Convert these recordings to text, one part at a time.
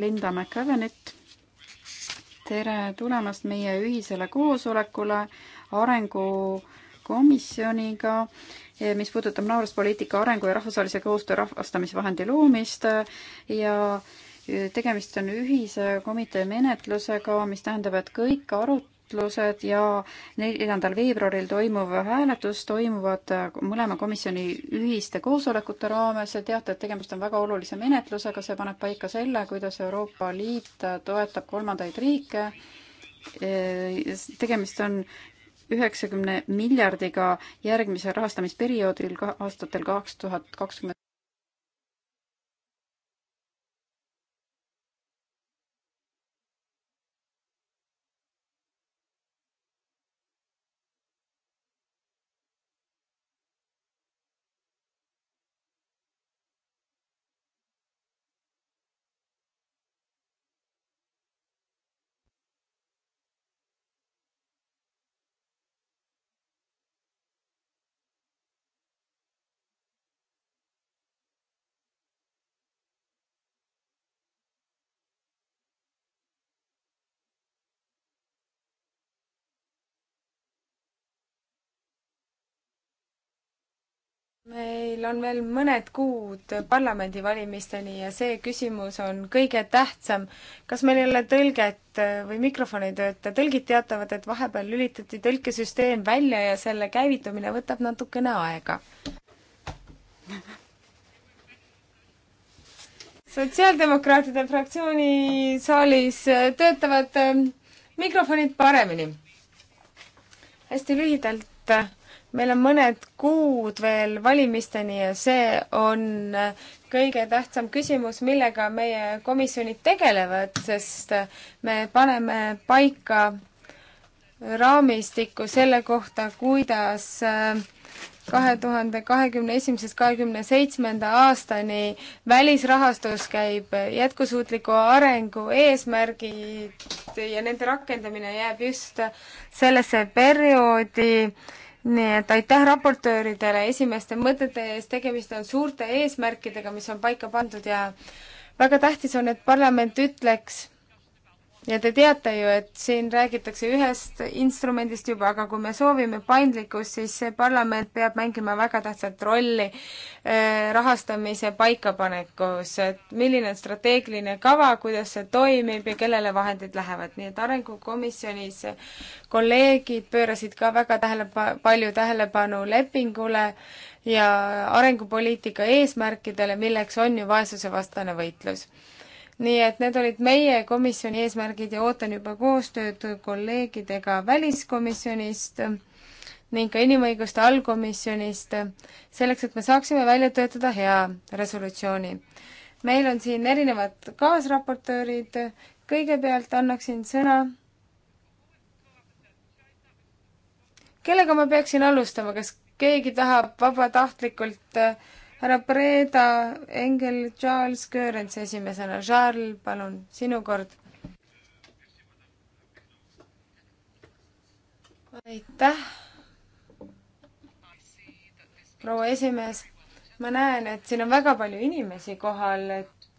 Linda McEvenit. tere tulemast meie ühisele koosolekule arengukomisjoniga, eh, mis puudutab naabruspoliitika arengu ja rahvusvahelise koostöö rahvastamisvahendi loomist ja eh, tegemist on ühise komitee menetlusega, mis tähendab, et kõik arut-, menetlused ja neljandal veebruaril toimuv hääletus toimuvad mõlema komisjoni ühiste koosolekute raames ja teate, et tegemist on väga olulise menetlusega, see paneb paika selle, kuidas Euroopa Liit toetab kolmandaid riike. tegemist on üheksakümne miljardiga järgmisel rahastamisperioodil aastatel kaks tuhat kakskümmend meil on veel mõned kuud parlamendivalimisteni ja see küsimus on kõige tähtsam. kas meil ei ole tõlget äh, või mikrofon ei tööta? tõlgid teatavad, et vahepeal lülitati tõlkesüsteem välja ja selle käivitumine võtab natukene aega. sotsiaaldemokraatide fraktsiooni saalis äh, töötavad äh, mikrofonid paremini. hästi lühidalt meil on mõned kuud veel valimisteni ja see on kõige tähtsam küsimus, millega meie komisjonid tegelevad, sest me paneme paika raamistiku selle kohta, kuidas äh, kahe tuhande kahekümne esimesest kahekümne seitsmenda aastani välisrahastus käib jätkusuutliku arengu eesmärgid ja nende rakendamine jääb just sellesse perioodi äh, nii et aitäh raportööridele esimeste mõtete eest, tegemist on suurte eesmärkidega, mis on paika pandud ja väga tähtis on, et parlament ütleks, ja te teate ju, et siin räägitakse ühest instrumendist juba, aga kui me soovime paindlikkust, siis see parlament peab mängima väga tähtsat rolli äh, rahastamise paikapanekus, et milline on strateegiline kava, kuidas see toimib ja kellele vahendid lähevad, nii et Arengukomisjonis kolleegid pöörasid ka väga tähelepa-, palju tähelepanu lepingule ja arengupoliitika eesmärkidele, milleks on ju vaesusevastane võitlus nii et need olid meie komisjoni eesmärgid ja ootan juba koostööd kolleegidega väliskomisjonist ning ka inimõiguste allkomisjonist, selleks et me saaksime välja töötada hea resolutsiooni. meil on siin erinevad kaasraportöörid, kõigepealt annaksin sõna kellega ma peaksin alustama, kas keegi tahab vabatahtlikult äh, härra Preda, Engel, Charles Görens esimesena. Charles, palun, sinu kord. aitäh, proua esimees. ma näen, et siin on väga palju inimesi kohal, et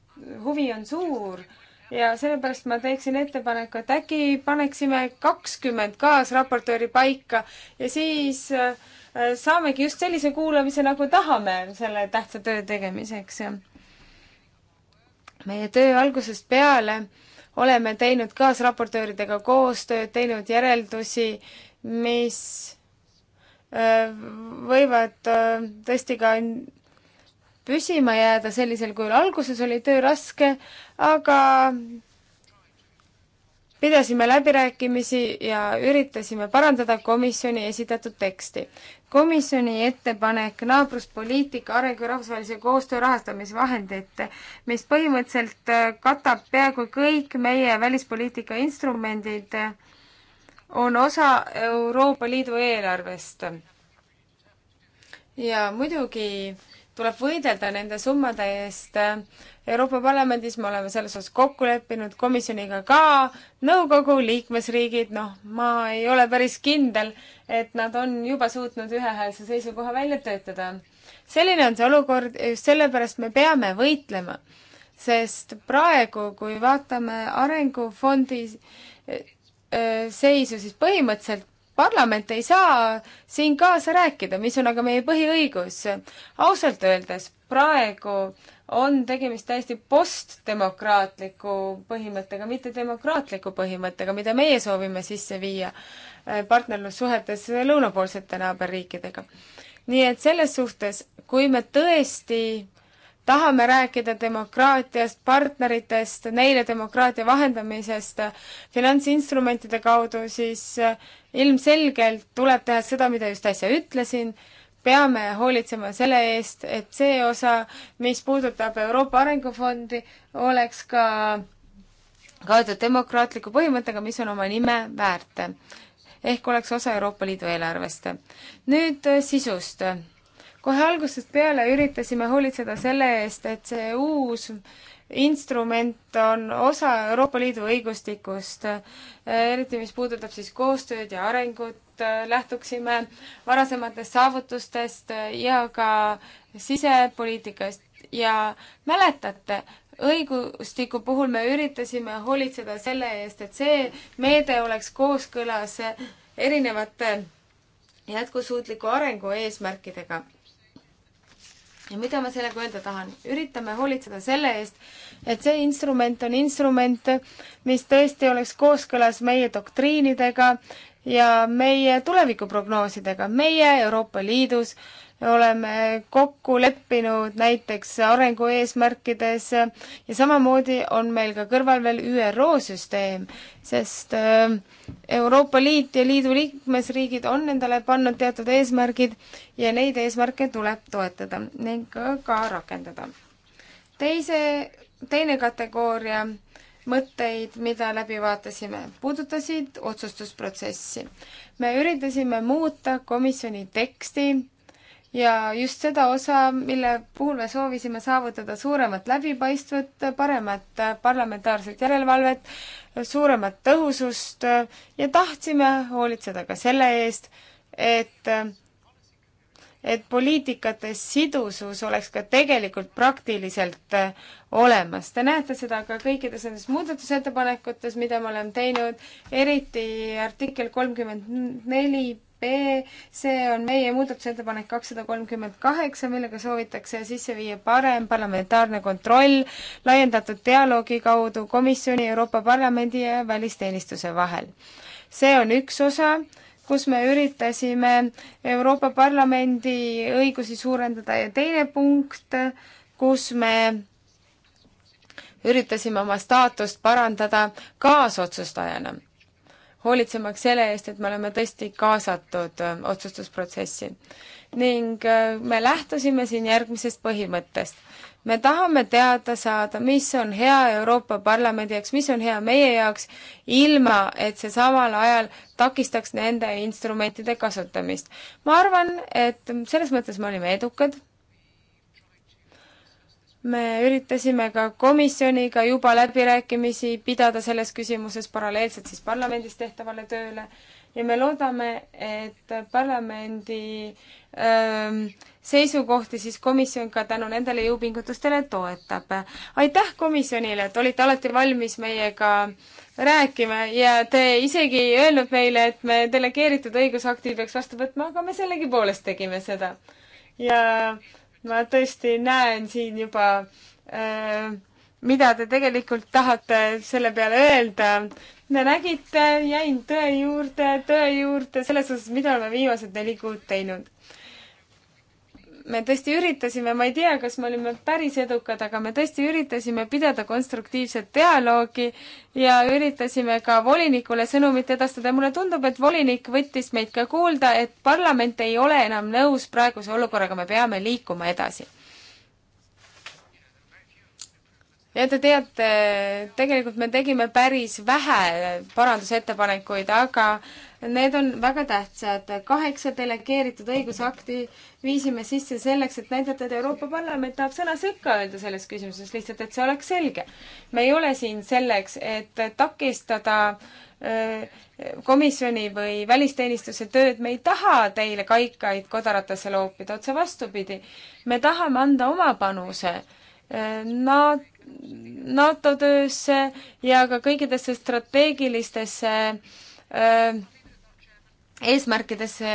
huvi on suur ja sellepärast ma teeksin ettepaneku, et äkki paneksime kakskümmend kaasraportööri paika ja siis äh, saamegi just sellise kuulamise, nagu tahame selle tähtsa töö tegemiseks. meie töö algusest peale oleme teinud kaasraportööridega koostööd, teinud järeldusi, mis äh, võivad äh, tõesti ka püsima jääda sellisel kujul. alguses oli töö raske, aga pidasime läbirääkimisi ja üritasime parandada komisjoni esitatud teksti. komisjoni ettepanek naabruspoliitika arengu ja rahvusvahelise koostöö rahastamisvahendite, mis põhimõtteliselt äh, katab peaaegu kõik meie välispoliitika instrumendid, on osa Euroopa Liidu eelarvest. ja muidugi tuleb võidelda nende summade eest. Euroopa Parlamendis me oleme selles osas kokku leppinud, komisjoniga ka, nõukogu, liikmesriigid, noh, ma ei ole päris kindel, et nad on juba suutnud ühehäälse seisukoha välja töötada. selline on see olukord ja just sellepärast me peame võitlema. sest praegu, kui vaatame arengufondi eh, seisu, siis põhimõtteliselt parlament ei saa siin kaasa rääkida, mis on aga meie põhiõigus. ausalt öeldes praegu on tegemist täiesti postdemokraatliku põhimõttega, mitte demokraatliku põhimõttega, mida meie soovime sisse viia äh, partnerlussuhetes lõunapoolsete naaberriikidega. nii et selles suhtes, kui me tõesti tahame rääkida demokraatiast, partneritest, neile demokraatia vahendamisest finantsinstrumentide kaudu, siis äh, ilmselgelt tuleb teha seda, mida just äsja ütlesin, peame hoolitsema selle eest, et see osa, mis puudutab Euroopa Arengufondi, oleks ka kaetud demokraatliku põhimõttega, mis on oma nime väärt. ehk oleks osa Euroopa Liidu eelarvest. nüüd äh, sisust kohe algusest peale üritasime hoolitseda selle eest, et see uus instrument on osa Euroopa Liidu õigustikust, eriti mis puudutab siis koostööd ja arengut, lähtuksime varasematest saavutustest ja ka sisepoliitikast ja mäletate, õigustiku puhul me üritasime hoolitseda selle eest, et see meede oleks kooskõlas erinevate jätkusuutliku arengu eesmärkidega ja mida ma sellega öelda tahan? üritame hoolitseda selle eest, et see instrument on instrument, mis tõesti oleks kooskõlas meie doktriinidega ja meie tulevikuprognoosidega meie Euroopa Liidus oleme kokku leppinud näiteks arengueesmärkides ja samamoodi on meil ka kõrval veel ÜRO süsteem, sest äh, Euroopa Liit ja liidu liikmesriigid on endale pannud teatud eesmärgid ja neid eesmärke tuleb toetada ning ka, ka rakendada. teise, teine kategooria mõtteid, mida läbi vaatasime, puudutasid otsustusprotsessi. me üritasime muuta komisjoni teksti ja just seda osa, mille puhul me soovisime saavutada suuremat läbipaistvat, paremat parlamentaarset järelevalvet, suuremat tõhusust ja tahtsime hoolitseda ka selle eest, et et poliitikate sidusus oleks ka tegelikult praktiliselt olemas. Te näete seda ka kõikides nendes muudatusettepanekutes, mida me oleme teinud, eriti artikkel kolmkümmend neli B, see on meie muudatusettepanek kakssada kolmkümmend kaheksa, millega soovitakse sisse viia parem parlamentaarne kontroll laiendatud dialoogi kaudu komisjoni, Euroopa Parlamendi ja välisteenistuse vahel. see on üks osa, kus me üritasime Euroopa Parlamendi õigusi suurendada ja teine punkt, kus me üritasime oma staatust parandada kaasotsustajana hoolitsemaks selle eest, et me oleme tõesti kaasatud äh, otsustusprotsessi. ning äh, me lähtusime siin järgmisest põhimõttest. me tahame teada saada, mis on hea Euroopa Parlamendi jaoks, mis on hea meie jaoks, ilma et see samal ajal takistaks nende instrumentide kasutamist. ma arvan, et selles mõttes me olime edukad me üritasime ka komisjoniga juba läbirääkimisi pidada selles küsimuses paralleelselt siis parlamendis tehtavale tööle ja me loodame, et parlamendi öö, ähm, seisukohti siis komisjon ka tänu nendele jõupingutustele toetab. aitäh komisjonile, et olite alati valmis meiega rääkima ja te isegi ei öelnud meile, et me delegeeritud õigusakti peaks vastu võtma, aga me sellegipoolest tegime seda. ja äh, ma tõesti näen siin juba, äh, mida te tegelikult tahate selle peale öelda. Te nägite, jäin tõe juurde, tõe juurde selles osas, mida oleme viimased neli kuud teinud me tõesti üritasime, ma ei tea, kas me olime päris edukad, aga me tõesti üritasime pidada konstruktiivset dialoogi ja üritasime ka volinikule sõnumit edastada. mulle tundub, et volinik võttis meid ka kuulda, et parlament ei ole enam nõus praeguse olukorraga, me peame liikuma edasi ja te teate, tegelikult me tegime päris vähe parandusettepanekuid, aga need on väga tähtsad. kaheksa delegeeritud õigusakti viisime sisse selleks, et näidata, et Euroopa Parlament tahab sõna sekka öelda selles küsimuses, lihtsalt et see oleks selge. me ei ole siin selleks, et takistada komisjoni või välisteenistuse tööd, me ei taha teile kaikaid kodaratasse loopida, otse vastupidi. me tahame anda oma panuse NATO töösse ja ka kõikidesse strateegilistesse äh, eesmärkidesse,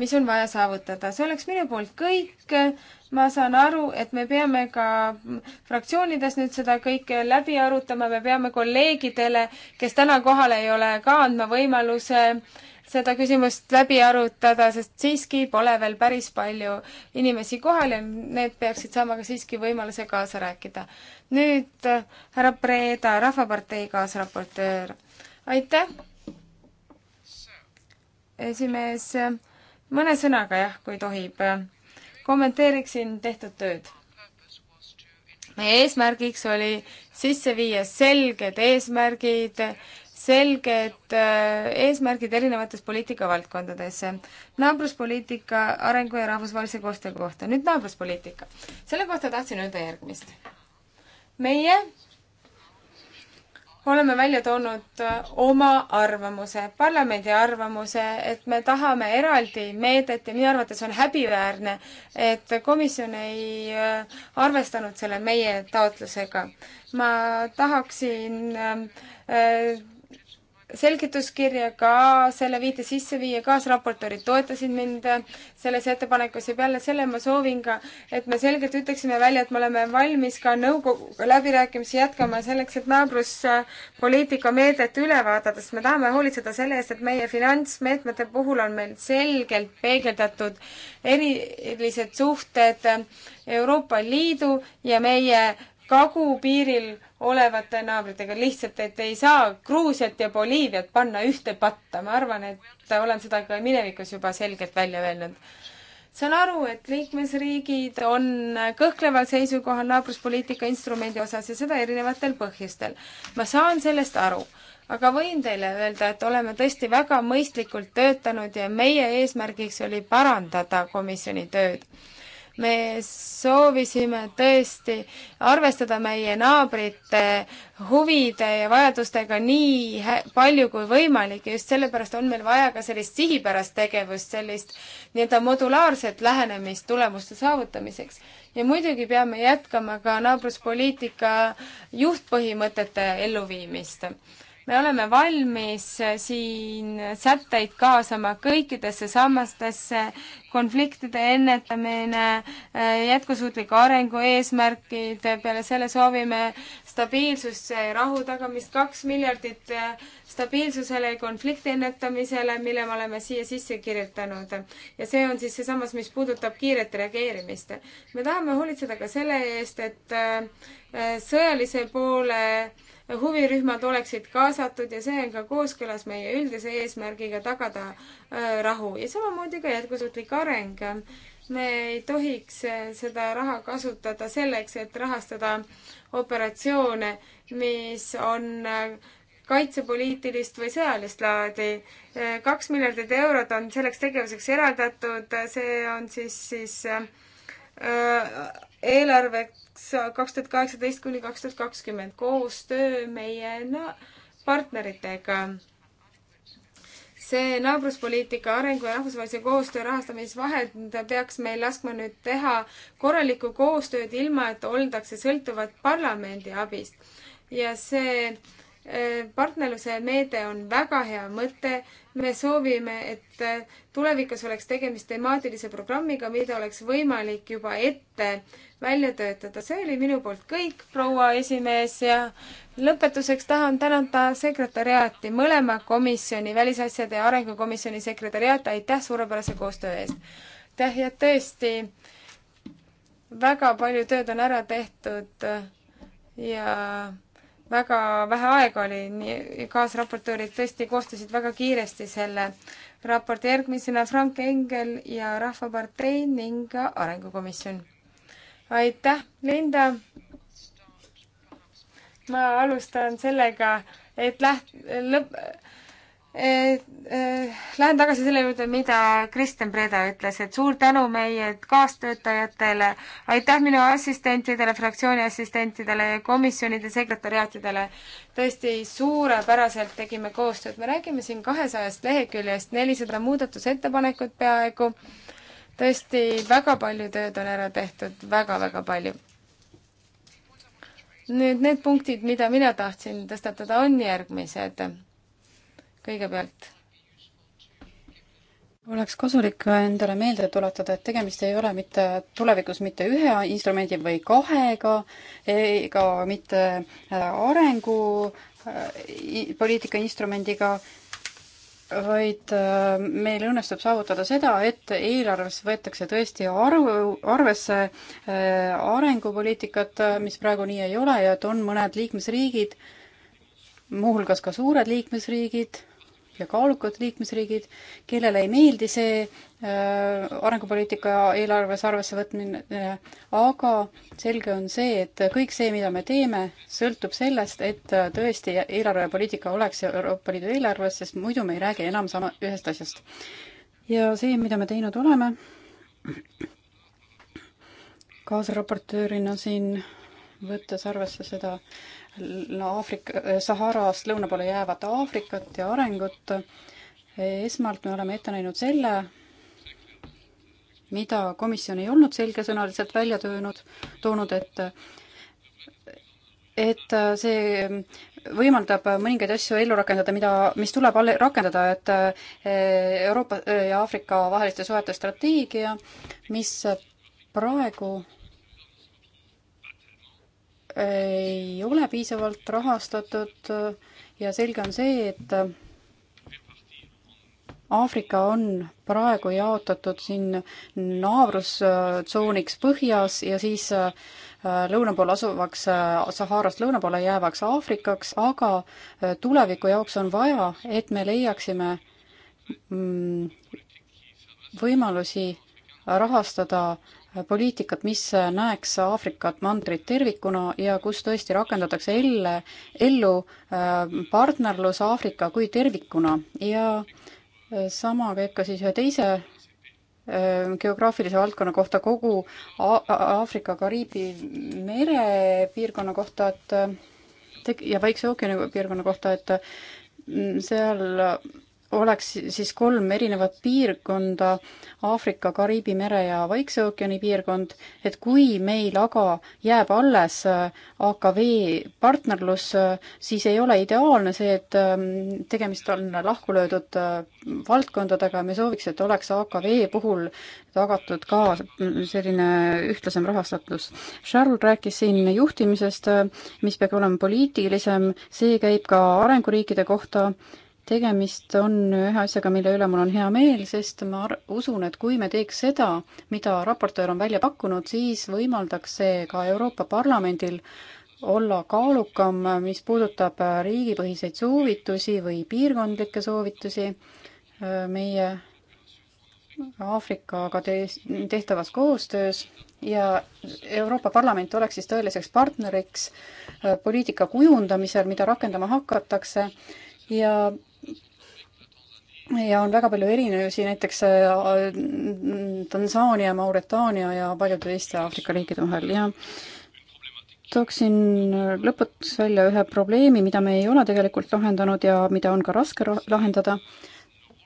mis on vaja saavutada. see oleks minu poolt kõik. ma saan aru, et me peame ka fraktsioonides nüüd seda kõike läbi arutama, me peame kolleegidele, kes täna kohal ei ole, ka andma võimaluse äh, seda küsimust läbi arutada, sest siiski pole veel päris palju inimesi kohal ja need peaksid saama ka siiski võimaluse kaasa rääkida. nüüd äh, härra Preeda, Rahvapartei kaasraportöör. aitäh! esimees, mõne sõnaga jah, kui tohib, kommenteeriksin tehtud tööd meie eesmärgiks oli sisse viia selged eesmärgid, selged äh, eesmärgid erinevates poliitikavaldkondades. naabruspoliitika, arengu ja rahvusvahelise koostöö kohta. nüüd naabruspoliitika. selle kohta tahtsin öelda järgmist. meie oleme välja toonud äh, oma arvamuse, parlamendi arvamuse, et me tahame eraldi meedet ja minu arvates on häbiväärne, et komisjon ei äh, arvestanud selle meie taotlusega. ma tahaksin äh, selgituskirja ka selle viite sisse viia, kaasraportöörid toetasid mind selles ettepanekus ja peale selle ma soovin ka, et me selgelt ütleksime välja, et me oleme valmis ka nõukoguga läbirääkimisi jätkama selleks, et naabruspoliitika meedet üle vaadata, sest me tahame hoolitseda selle eest, et meie finantsmeetmete puhul on meil selgelt peegeldatud erilised suhted Euroopa Liidu ja meie kagupiiril olevate naabritega, lihtsalt et ei saa Gruusiat ja Boliiviat panna ühte patta, ma arvan, et olen seda ka minevikus juba selgelt välja öelnud. saan aru, et liikmesriigid on kõhkleval seisukohal naabruspoliitika instrumendi osas ja seda erinevatel põhjustel. ma saan sellest aru, aga võin teile öelda, et oleme tõesti väga mõistlikult töötanud ja meie eesmärgiks oli parandada komisjoni tööd me soovisime tõesti arvestada meie naabrite huvide ja vajadustega nii palju kui võimalik ja just sellepärast on meil vaja ka sellist sihipärast tegevust, sellist nii-öelda modulaarset lähenemist tulemuste saavutamiseks. ja muidugi peame jätkama ka naabruspoliitika juhtpõhimõtete elluviimist me oleme valmis äh, siin sätteid kaasama kõikidesse sammastesse, konfliktide ennetamine, äh, jätkusuutliku arengu eesmärgid, peale selle soovime stabiilsust ja rahu tagamist, kaks miljardit äh, stabiilsusele ja konflikti ennetamisele, mille me oleme siia sisse kirjutanud. ja see on siis seesamas, mis puudutab kiiret reageerimist. me tahame hoolitseda ka selle eest, et sõjalise poole huvirühmad oleksid kaasatud ja see on ka kooskõlas meie üldise eesmärgiga tagada äh, rahu ja samamoodi ka jätkusuutlik areng. me ei tohiks äh, seda raha kasutada selleks, et rahastada operatsioone, mis on äh, kaitsepoliitilist või sõjalist laadi. kaks miljardit eurot on selleks tegevuseks eraldatud, see on siis, siis Äh, eelarveks kaks tuhat kaheksateist kuni kaks tuhat kakskümmend koostöö meie partneritega see naabruspoliitika arengu ja rahvusvahelise koostöö rahastamisvahend peaks meil laskma nüüd teha korralikku koostööd, ilma et oldakse sõltuvad parlamendi abist. ja see Eh, partnerluse meede on väga hea mõte. me soovime, et eh, tulevikus oleks tegemist temaatilise programmiga, mida oleks võimalik juba ette välja töötada. see oli minu poolt kõik, proua esimees ja lõpetuseks tahan tänada sekretäriaati, mõlema komisjoni, välisasjade ja arengukomisjoni sekretäriaat, aitäh suurepärase koostöö eest. aitäh ja tõesti väga palju tööd on ära tehtud eh, ja väga vähe aega oli, nii kaasraportöörid tõesti koostasid väga kiiresti selle raporti, järgmisena Frank Engel ja Rahvapartei ning Arengukomisjon. aitäh, Linda! ma alustan sellega, et läht-, lõpp, Eh, lähen tagasi selle juurde, mida Kristjan Preda ütles, et suur tänu meie kaastöötajatele, aitäh minu assistentidele, fraktsiooni assistentidele ja komisjonide sekretäriaatidele. tõesti suurepäraselt tegime koostööd, me räägime siin kahesajast leheküljest, nelisada muudatusettepanekut peaaegu. tõesti väga palju tööd on ära tehtud väga,, väga-väga palju nüüd need punktid, mida mina tahtsin tõstatada, on järgmised kõigepealt oleks kasulik endale meelde tuletada, et tegemist ei ole mitte tulevikus mitte ühe instrumendi või kahega ega mitte äh, arengupoliitika äh, instrumendiga, vaid äh, meil õnnestub saavutada seda, et eelarves võetakse tõesti arvu, arvesse arengupoliitikat, mis praegu nii ei ole ja et on mõned liikmesriigid, muuhulgas ka suured liikmesriigid, ja kaalukad liikmesriigid, kellele ei meeldi see äh, arengupoliitika eelarves arvesse võtmine, äh, aga selge on see, et kõik see, mida me teeme, sõltub sellest, et äh, tõesti eelarvepoliitika oleks Euroopa Liidu eelarves, sest muidu me ei räägi enam sama, ühest asjast. ja see, mida me teinud oleme, kaasraportöörina siin võttes arvesse seda Aafrika, Saharast lõuna poole jäävat Aafrikat ja arengut. esmalt me oleme ette näinud selle, mida komisjon ei olnud selgesõnaliselt välja töönud, toonud, et et see võimaldab mõningaid asju ellu rakendada, mida, mis tuleb alle rakendada, et e, Euroopa e, ja Aafrika vaheliste suhete strateegia, mis praegu ei ole piisavalt rahastatud ja selge on see, et Aafrika on praegu jaotatud siin naabrustsooniks põhjas ja siis äh, lõuna pool asuvaks, äh, Saharast lõuna poole jäävaks Aafrikaks, aga äh, tuleviku jaoks on vaja, et me leiaksime mm, võimalusi rahastada äh, poliitikat, mis näeks Aafrikat mandrit tervikuna ja kus tõesti rakendatakse elle, ellu äh, partnerlus Aafrika kui tervikuna ja äh, sama käib ka siis ühe teise äh, geograafilise valdkonna kohta kogu Aafrika Kariibi merepiirkonna kohta, et ja Vaikse ookeani piirkonna kohta, et mm, seal oleks siis kolm erinevat piirkonda, Aafrika, Kariibi mere ja Vaikse ookeani piirkond, et kui meil aga jääb alles äh, AKV partnerlus, äh, siis ei ole ideaalne see, et ähm, tegemist on lahku löödud äh, valdkondadega, me sooviks, et oleks AKV puhul tagatud ka selline ühtlasem rahastatus. Charles rääkis siin juhtimisest, mis peab olema poliitilisem, see käib ka arenguriikide kohta tegemist on ühe asjaga, mille üle mul on hea meel, sest ma usun, et kui me teeks seda, mida raportöör on välja pakkunud, siis võimaldaks see ka Euroopa Parlamendil olla kaalukam, mis puudutab riigipõhiseid soovitusi või piirkondlikke soovitusi äh, meie Aafrikaga tehtavas koostöös ja Euroopa Parlament oleks siis tõeliseks partneriks äh, poliitika kujundamisel, mida rakendama hakatakse ja ja on väga palju erinevusi näiteks äh, Tansaania, Mauretaania ja paljude teiste Aafrika riikide vahel ja tooksin lõpuks välja ühe probleemi, mida me ei ole tegelikult lahendanud ja mida on ka raske lahendada.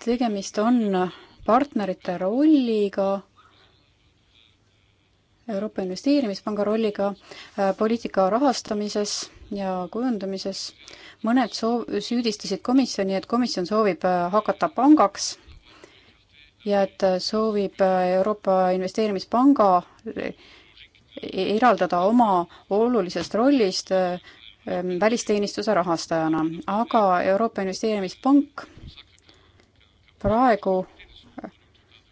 tegemist on partnerite rolliga, Euroopa Investeerimispanga rolliga äh, poliitika rahastamises ja kujundamises. mõned soov-, süüdistasid komisjoni, et komisjon soovib äh, hakata pangaks ja et äh, soovib äh, Euroopa Investeerimispanga eraldada oma olulisest rollist ähm, välisteenistuse rahastajana, aga Euroopa Investeerimispank praegu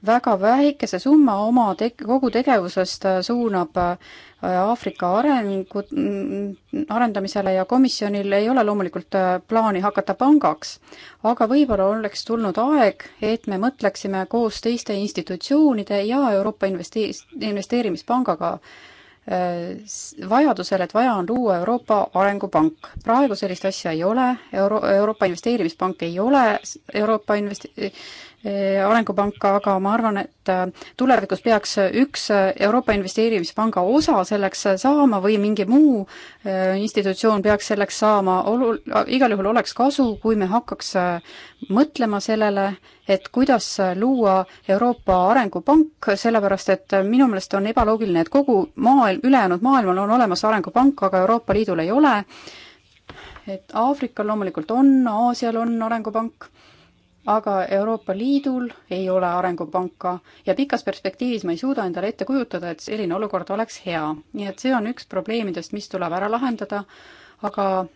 väga väikese summa oma te-, kogu tegevusest äh, suunab äh, Aafrika arengu, mm, arendamisele ja komisjonil ei ole loomulikult äh, plaani hakata pangaks. aga võib-olla oleks tulnud aeg, et me mõtleksime koos teiste institutsioonide ja Euroopa investi-, investeerimispangaga vajadusel, et vaja on luua Euroopa Arengupank. praegu sellist asja ei ole, Euro-, Euroopa Investeerimispank ei ole Euroopa invest-, Äh, arengupanka, aga ma arvan, et äh, tulevikus peaks äh, üks Euroopa Investeerimispanga osa selleks saama või mingi muu institutsioon peaks selleks saama, olul-, igal juhul oleks kasu, kui me hakkaks mõtlema sellele, et kuidas luua Euroopa Arengupank, sellepärast et minu meelest on ebaloogiline, et kogu maailm, ülejäänud maailmal on olemas arengupank, aga Euroopa Liidul ei ole, et Aafrikal loomulikult on, Aasial on arengupank aga Euroopa Liidul ei ole arengupanka ja pikas perspektiivis ma ei suuda endale ette kujutada, et selline olukord oleks hea. nii et see on üks probleemidest, mis tuleb ära lahendada, aga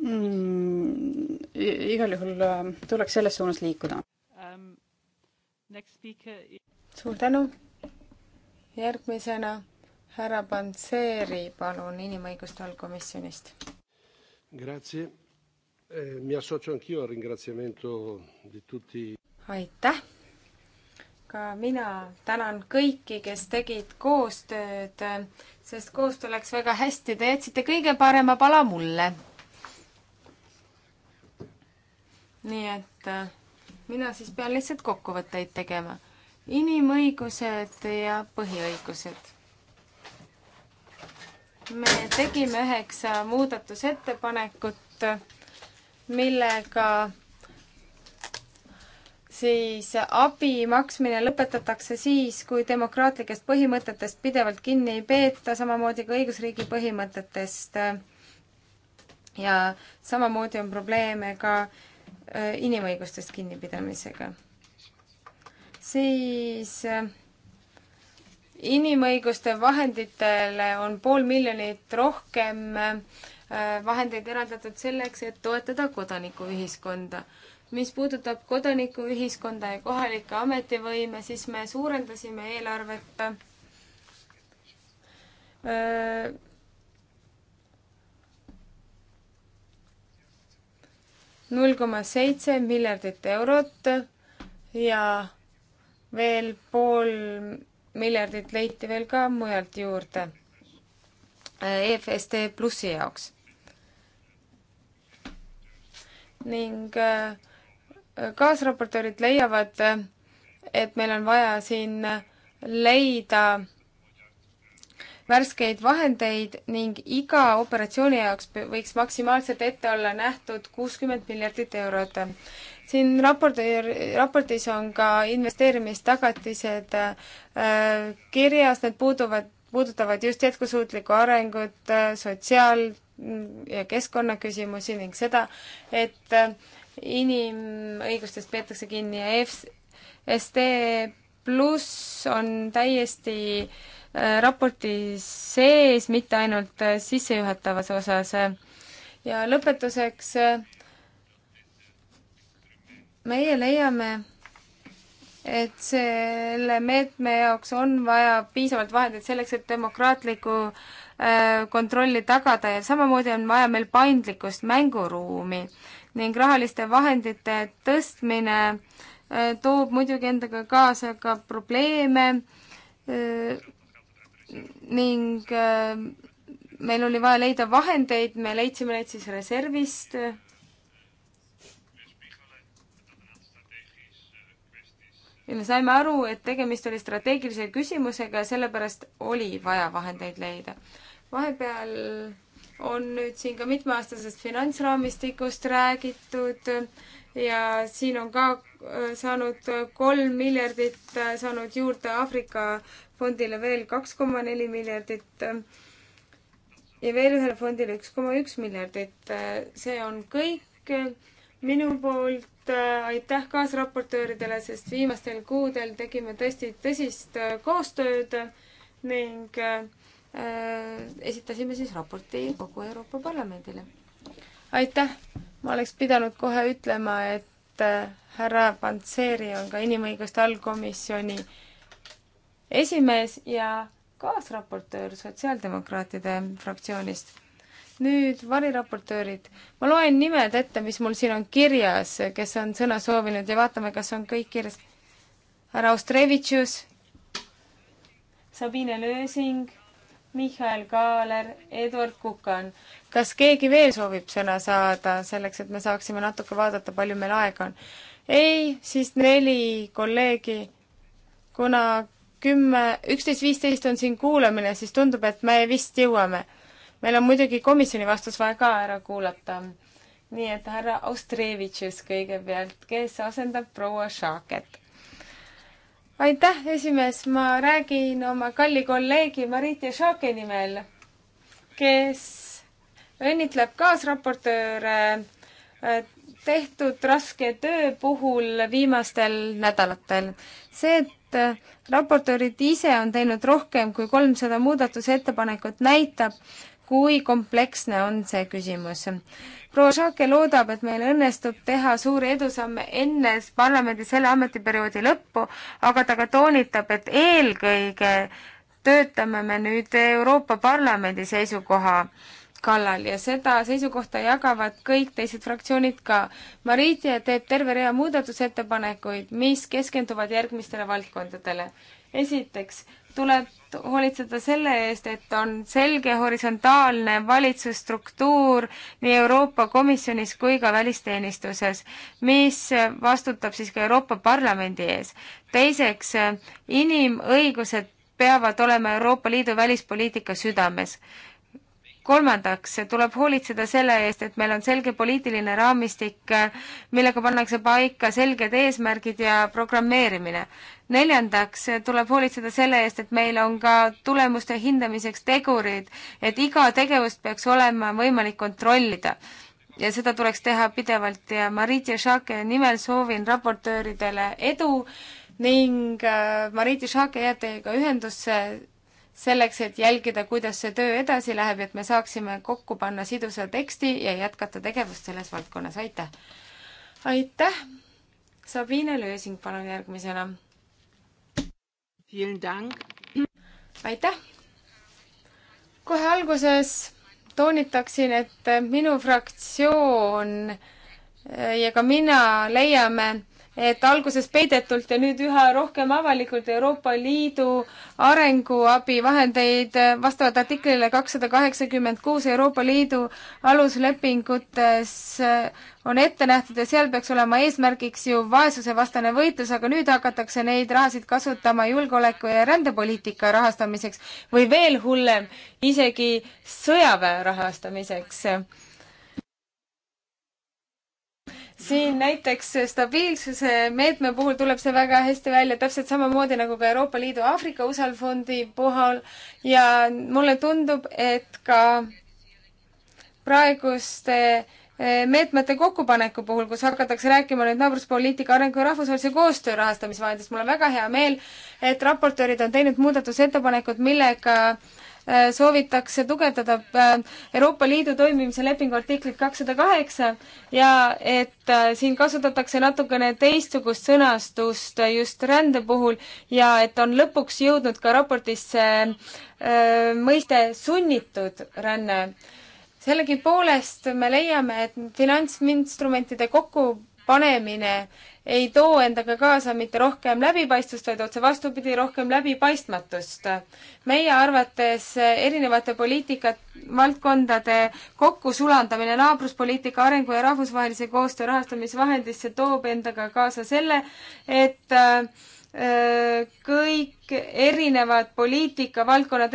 mm, igal juhul äh, tuleks selles suunas liikuda um,. Is... suur tänu. järgmisena härra Panseri, palun, inimõiguste allkomisjonist. Grazie Eh, aitäh! ka mina tänan kõiki, kes tegid koostööd, sest koostöö läks väga hästi, te jätsite kõige parema pala mulle. nii et eh, mina siis pean lihtsalt kokkuvõtteid tegema. inimõigused ja põhiõigused me tegime üheksa muudatusettepanekut millega siis abi maksmine lõpetatakse siis, kui demokraatlikest põhimõtetest pidevalt kinni ei peeta, samamoodi ka õigusriigi põhimõtetest. ja samamoodi on probleeme ka äh, inimõigustest kinnipidamisega. siis äh, inimõiguste vahenditele on pool miljonit rohkem äh, Äh, vahendeid eraldatud selleks, et toetada kodanikuühiskonda. mis puudutab kodanikuühiskonda ja kohalikke ametivõime, siis me suurendasime eelarvet äh, null koma seitse miljardit eurot ja veel pool miljardit leiti veel ka mujalt juurde äh, EFSD plussi jaoks ning äh, kaasraportöörid leiavad, et meil on vaja siin leida värskeid vahendeid ning iga operatsiooni jaoks võiks maksimaalselt ette olla nähtud kuuskümmend miljardit eurot. siin raporti, raportis on ka investeerimistagatised äh, kirjas, need puuduvad, puudutavad just jätkusuutlikku arengut, äh, sotsiaal- ja keskkonnaküsimusi ning seda, et inimõigustest peetakse kinni ja FSD pluss on täiesti äh, raporti sees, mitte ainult äh, sissejuhatavas osas. ja lõpetuseks äh, meie leiame, et selle meetme jaoks on vaja piisavalt vahendeid selleks, et demokraatlikku Äh, kontrolli tagada ja samamoodi on vaja meil paindlikkust, mänguruumi ning rahaliste vahendite tõstmine äh, toob muidugi endaga kaasa ka probleeme äh, ning meil oli vaja leida vahendeid, me leidsime neid siis reservist. ja me saime aru, et tegemist oli strateegilise küsimusega ja sellepärast oli vaja vahendeid leida vahepeal on nüüd siin ka mitmeaastasest finantsraamistikust räägitud ja siin on ka äh, saanud kolm miljardit, äh, saanud juurde Aafrika fondile veel kaks koma neli miljardit äh, ja veel ühele fondile üks koma üks miljardit. see on kõik minu poolt. aitäh kaasraportööridele, sest viimastel kuudel tegime tõesti tõsist koostööd ning Äh, esitasime siis raporti kogu Euroopa Parlamendile. aitäh! ma oleks pidanud kohe ütlema, et äh, härra Pantseri on ka inimõiguste allkomisjoni esimees ja kaasraportöör Sotsiaaldemokraatide fraktsioonist. nüüd variraportöörid. ma loen nimed ette, mis mul siin on kirjas, kes on sõna soovinud ja vaatame, kas on kõik kirjas. härra Ostrevitšus, Sabine Lösing Mihhail Kaaler, Eduard Kukan. kas keegi veel soovib sõna saada selleks, et me saaksime natuke vaadata, palju meil aega on? ei, siis neli kolleegi, kuna kümme, üksteist viisteist on siin kuulamine, siis tundub, et me vist jõuame. meil on muidugi komisjoni vastus vaja ka ära kuulata. nii et härra Austrevitšus kõigepealt, kes asendab proua Šaket aitäh, esimees, ma räägin oma kalli kolleegi Marit Jašake nimel, kes õnnitleb kaasraportööre äh, tehtud raske töö puhul viimastel nädalatel. see, et äh, raportöörid ise on teinud rohkem kui kolmsada muudatusettepanekut, näitab, kui kompleksne on see küsimus. proua Šake loodab, et meil õnnestub teha suuri edusamme enne parlamendi selle ametiperioodi lõppu, aga ta ka toonitab, et eelkõige töötame me nüüd Euroopa Parlamendi seisukoha kallal ja seda seisukohta jagavad kõik teised fraktsioonid ka. Mariitia teeb terve rea muudatusettepanekuid, mis keskenduvad järgmistele valdkondadele. esiteks, tuleb hoolitseda selle eest, et on selge horisontaalne valitsusstruktuur nii Euroopa Komisjonis kui ka välisteenistuses, mis vastutab siis ka Euroopa Parlamendi ees. teiseks, inimõigused peavad olema Euroopa Liidu välispoliitika südames kolmandaks tuleb hoolitseda selle eest, et meil on selge poliitiline raamistik, millega pannakse paika selged eesmärgid ja programmeerimine. neljandaks tuleb hoolitseda selle eest, et meil on ka tulemuste hindamiseks tegurid, et iga tegevust peaks olema võimalik kontrollida ja seda tuleks teha pidevalt ja Marit ja Šake nimel soovin raportööridele edu ning äh, Marit ja Šake jääb teiega ühendusse selleks, et jälgida, kuidas see töö edasi läheb, et me saaksime kokku panna sidusa teksti ja jätkata tegevust selles valdkonnas, aitäh! aitäh! Sabine Lösing, palun järgmisena. aitäh! kohe alguses toonitaksin, et minu fraktsioon ja ka mina leiame, et alguses peidetult ja nüüd üha rohkem avalikult Euroopa Liidu arenguabivahendeid vastavalt artiklile kakssada kaheksakümmend kuus Euroopa Liidu aluslepingutes on ette nähtud ja seal peaks olema eesmärgiks ju vaesusevastane võitlus, aga nüüd hakatakse neid rahasid kasutama julgeoleku ja rändepoliitika rahastamiseks või veel hullem, isegi sõjaväe rahastamiseks siin näiteks stabiilsuse meetme puhul tuleb see väga hästi välja, täpselt samamoodi nagu ka Euroopa Liidu Aafrika usaldfondi puhul ja mulle tundub, et ka praeguste eh, meetmete kokkupaneku puhul, kus hakatakse rääkima nüüd naabruspoliitika arengu ja rahvusvahelise koostöö rahastamisvahendist, mul on väga hea meel, et raportöörid on teinud muudatusettepanekud, millega äh, Äh, soovitakse tugevdada äh, Euroopa Liidu toimimise lepingu artiklit kakssada kaheksa ja et äh, siin kasutatakse natukene teistsugust sõnastust just rände puhul ja et on lõpuks jõudnud ka raportisse mõiste sunnitud ränne sellegipoolest me leiame, et finantsinstrumentide kokku panemine ei too endaga kaasa mitte rohkem läbipaistvust, vaid otse vastupidi, rohkem läbipaistmatust. meie arvates erinevate poliitikat, valdkondade kokkusulandamine naabruspoliitika arengu ja rahvusvahelise koostöö rahastamisvahendisse toob endaga kaasa selle, et äh, kõik erinevad poliitikavaldkonnad,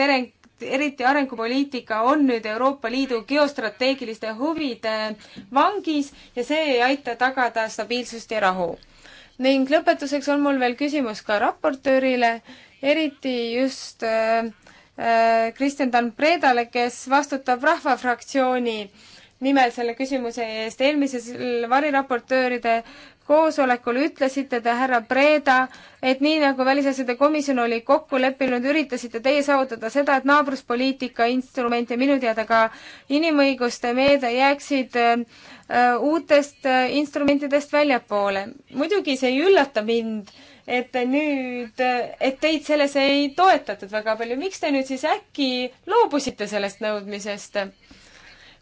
eriti arengupoliitika on nüüd Euroopa Liidu geostrateegiliste huvide vangis ja see ei aita tagada stabiilsust ja rahu. ning lõpetuseks on mul veel küsimus ka raportöörile, eriti just Kristjan äh, äh, Tanpredale, kes vastutab Rahvafraktsiooni nimel selle küsimuse eest. eelmises variraportööride koosolekul ütlesite te, härra Breda, et nii nagu välisasjade komisjon oli kokku leppinud, üritasite teie saavutada seda, et naabruspoliitika instrument ja minu teada ka inimõiguste meede jääksid äh, uutest äh, instrumentidest väljapoole. muidugi see ei üllata mind, et te nüüd, äh, et teid selles ei toetatud väga palju. miks te nüüd siis äkki loobusite sellest nõudmisest?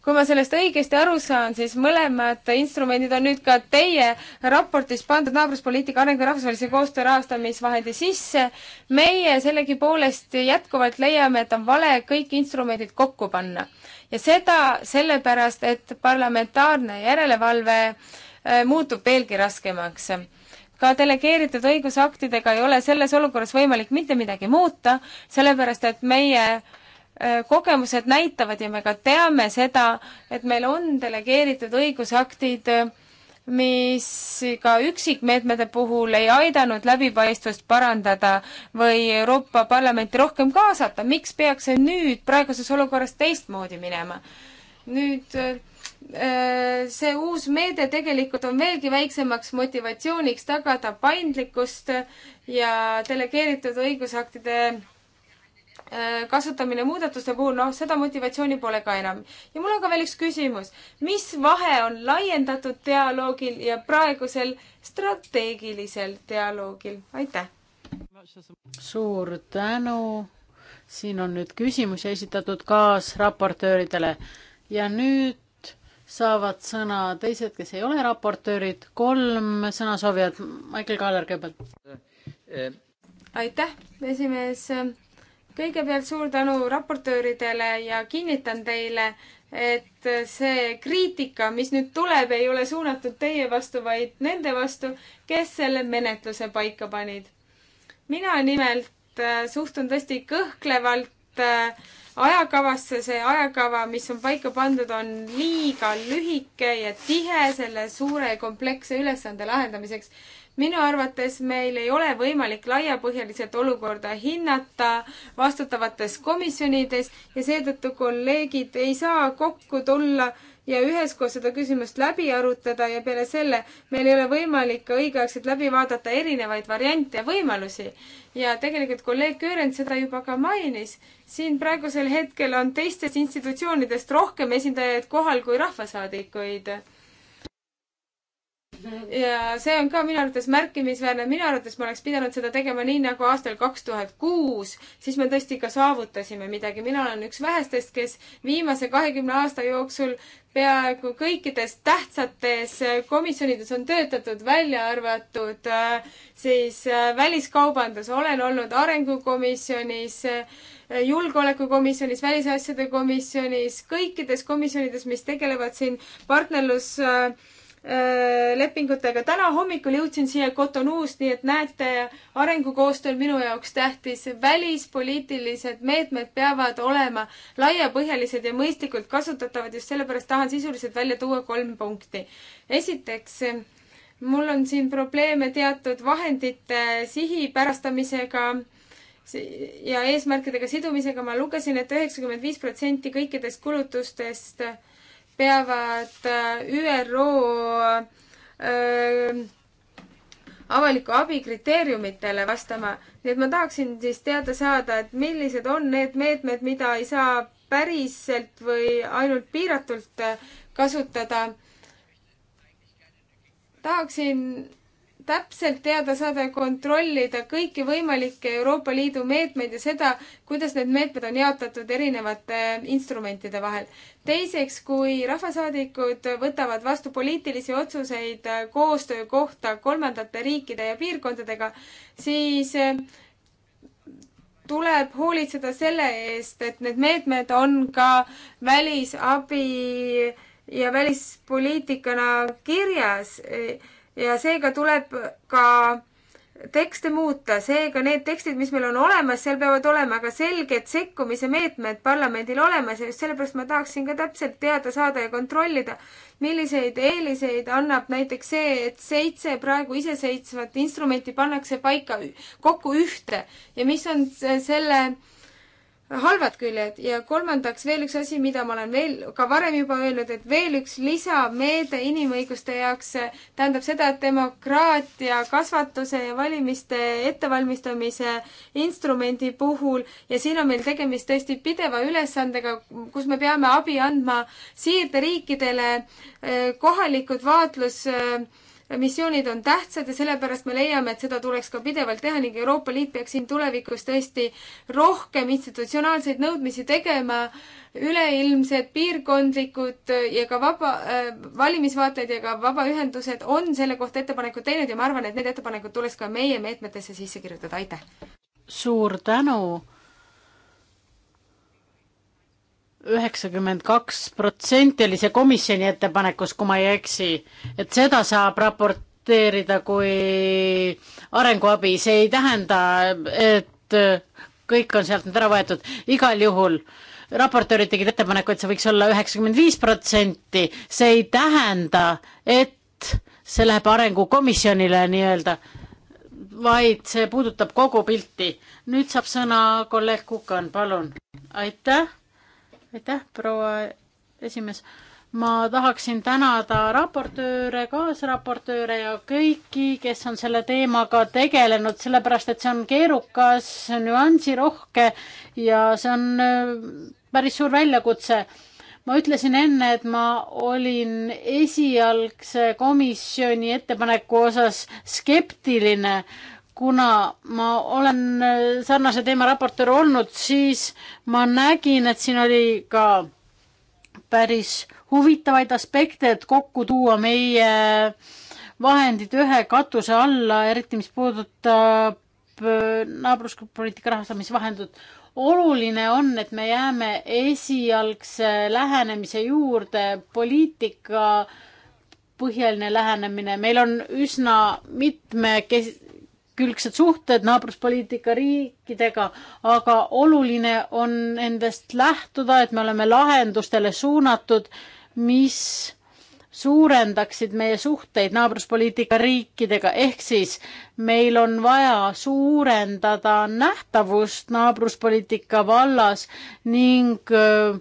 kui ma sellest õigesti aru saan, siis mõlemad instrumendid on nüüd ka teie raportis pandud naabruspoliitika arengu rahvusvahelise koostöö rahastamisvahendi sisse. meie sellegipoolest jätkuvalt leiame, et on vale kõik instrumendid kokku panna ja seda sellepärast, et parlamentaarne järelevalve äh, muutub veelgi raskemaks ka delegeeritud õigusaktidega ei ole selles olukorras võimalik mitte midagi muuta, sellepärast et meie äh, Äh, kogemused näitavad ja me ka teame seda, et meil on delegeeritud õigusaktid, äh, mis ka üksikmeetmete puhul ei aidanud läbipaistvust parandada või Euroopa Parlamenti rohkem kaasata, miks peaks see nüüd praeguses olukorras teistmoodi minema? nüüd äh, see uus meede tegelikult on veelgi väiksemaks motivatsiooniks tagada paindlikkust ja delegeeritud õigusaktide Äh, kasutamine muudatuste puhul, noh, seda motivatsiooni pole ka enam. ja mul on ka veel üks küsimus. mis vahe on laiendatud dialoogil ja praegusel strateegilisel dialoogil? aitäh! suur tänu! siin on nüüd küsimusi esitatud kaasraportööridele ja nüüd saavad sõna teised, kes ei ole raportöörid, kolm sõnasoovijat. Maicel Kaaler kõigepealt. Äh, äh, aitäh, esimees kõigepealt suur tänu raportööridele ja kinnitan teile, et see kriitika, mis nüüd tuleb, ei ole suunatud teie vastu, vaid nende vastu, kes selle menetluse paika panid. mina nimelt äh, suhtun tõesti kõhklevalt äh, ajakavasse, see ajakava, mis on paika pandud, on liiga lühike ja tihe selle suure kompleksse ülesande lahendamiseks minu arvates meil ei ole võimalik laiapõhjaliselt olukorda hinnata vastutavates komisjonides ja seetõttu kolleegid ei saa kokku tulla ja üheskoos seda küsimust läbi arutada ja peale selle meil ei ole võimalik ka õigeaegselt läbi vaadata erinevaid variante ja võimalusi. ja tegelikult kolleeg Köörend seda juba ka mainis, siin praegusel hetkel on teistest institutsioonidest rohkem esindajaid kohal kui rahvasaadikuid ja see on ka minu arvates märkimisväärne, minu arvates me oleks pidanud seda tegema nii nagu aastal kaks tuhat kuus, siis me tõesti ka saavutasime midagi. mina olen üks vähestest, kes viimase kahekümne aasta jooksul peaaegu kõikides tähtsates komisjonides on töötatud, välja arvatud äh, siis äh, väliskaubandus. olen olnud arengukomisjonis, äh, julgeolekukomisjonis, välisasjade komisjonis, kõikides komisjonides, mis tegelevad siin partnerlus äh, Äh, lepingutega. täna hommikul jõudsin siia Cotonoust, nii et näete, arengukoostöö on minu jaoks tähtis. välispoliitilised meetmed peavad olema laiapõhjalised ja mõistlikult kasutatavad, just sellepärast tahan sisuliselt välja tuua kolm punkti. esiteks, mul on siin probleeme teatud vahendite sihipärastamisega ja eesmärkidega sidumisega. ma lugesin et, et üheksakümmend viis protsenti kõikidest kulutustest äh, peavad äh, ÜRO öö, äh, avaliku abi kriteeriumitele vastama. nii et ma tahaksin siis teada saada, et millised on need meetmed, mida ei saa päriselt või ainult piiratult äh, kasutada. tahaksin täpselt teada saada ja kontrollida kõiki võimalikke Euroopa Liidu meetmeid ja seda, kuidas need meetmed on jaotatud erinevate instrumentide vahel. teiseks, kui rahvasaadikud võtavad vastu poliitilisi otsuseid koostöö kohta kolmandate riikide ja piirkondadega, siis tuleb hoolitseda selle eest, et need meetmed on ka välisabi ja välispoliitikana kirjas ja seega tuleb ka tekste muuta, seega need tekstid, mis meil on olemas, seal peavad olema ka selged sekkumise meetmed parlamendil olemas ja just sellepärast ma tahaksin ka täpselt teada saada ja kontrollida, milliseid eeliseid annab näiteks see, et seitse praegu iseseisvat instrumenti pannakse paika kokku ühte ja mis on selle äh, halvad küljed ja kolmandaks veel üks asi, mida ma olen veel ka varem juba öelnud, et veel üks lisameede inimõiguste jaoks tähendab seda, et demokraatia kasvatuse ja valimiste ettevalmistamise instrumendi puhul ja siin on meil tegemist tõesti pideva ülesandega, kus me peame abi andma siirderiikidele, kohalikud vaatlus äh, missioonid on tähtsad ja sellepärast me leiame, et seda tuleks ka pidevalt teha ning Euroopa Liit peaks siin tulevikus tõesti rohkem institutsionaalseid nõudmisi tegema, üleilmsed, piirkondlikud ja ka vaba äh,, valimisvaatlejad ja ka vabaühendused on selle kohta ettepanekud teinud ja ma arvan, et need ettepanekud tuleks ka meie meetmetesse sisse kirjutada, aitäh! suur tänu! üheksakümmend kaks protsenti oli see komisjoni ettepanekus, kui ma ei eksi, et seda saab raporteerida kui arenguabi, see ei tähenda, et kõik on sealt nüüd ära võetud, igal juhul raportöörid tegid ettepaneku, et see võiks olla üheksakümmend viis protsenti, see ei tähenda, et see läheb arengukomisjonile nii-öelda, vaid see puudutab kogu pilti. nüüd saab sõna kolleeg Kukan, palun. aitäh aitäh, proua esimees. ma tahaksin tänada raportööre, kaasraportööre ja kõiki, kes on selle teemaga tegelenud, sellepärast et see on keerukas, nüansirohke ja see on äh, päris suur väljakutse ma ütlesin enne, et ma olin esialgse komisjoni ettepaneku osas skeptiline, kuna ma olen äh, sarnase teema raportöör olnud, siis ma nägin, et siin oli ka päris huvitavaid aspekte, et kokku tuua meie vahendid ühe katuse alla, eriti mis puudutab äh, naabruspoliitika rahastamisvahendit. oluline on, et me jääme esialgse lähenemise juurde, poliitika põhjaline lähenemine, meil on üsna mitmekes-, mitmekülgsed suhted naabruspoliitika riikidega, aga oluline on nendest lähtuda, et me oleme lahendustele suunatud, mis suurendaksid meie suhteid naabruspoliitika riikidega, ehk siis meil on vaja suurendada nähtavust naabruspoliitika vallas ning öö, äh,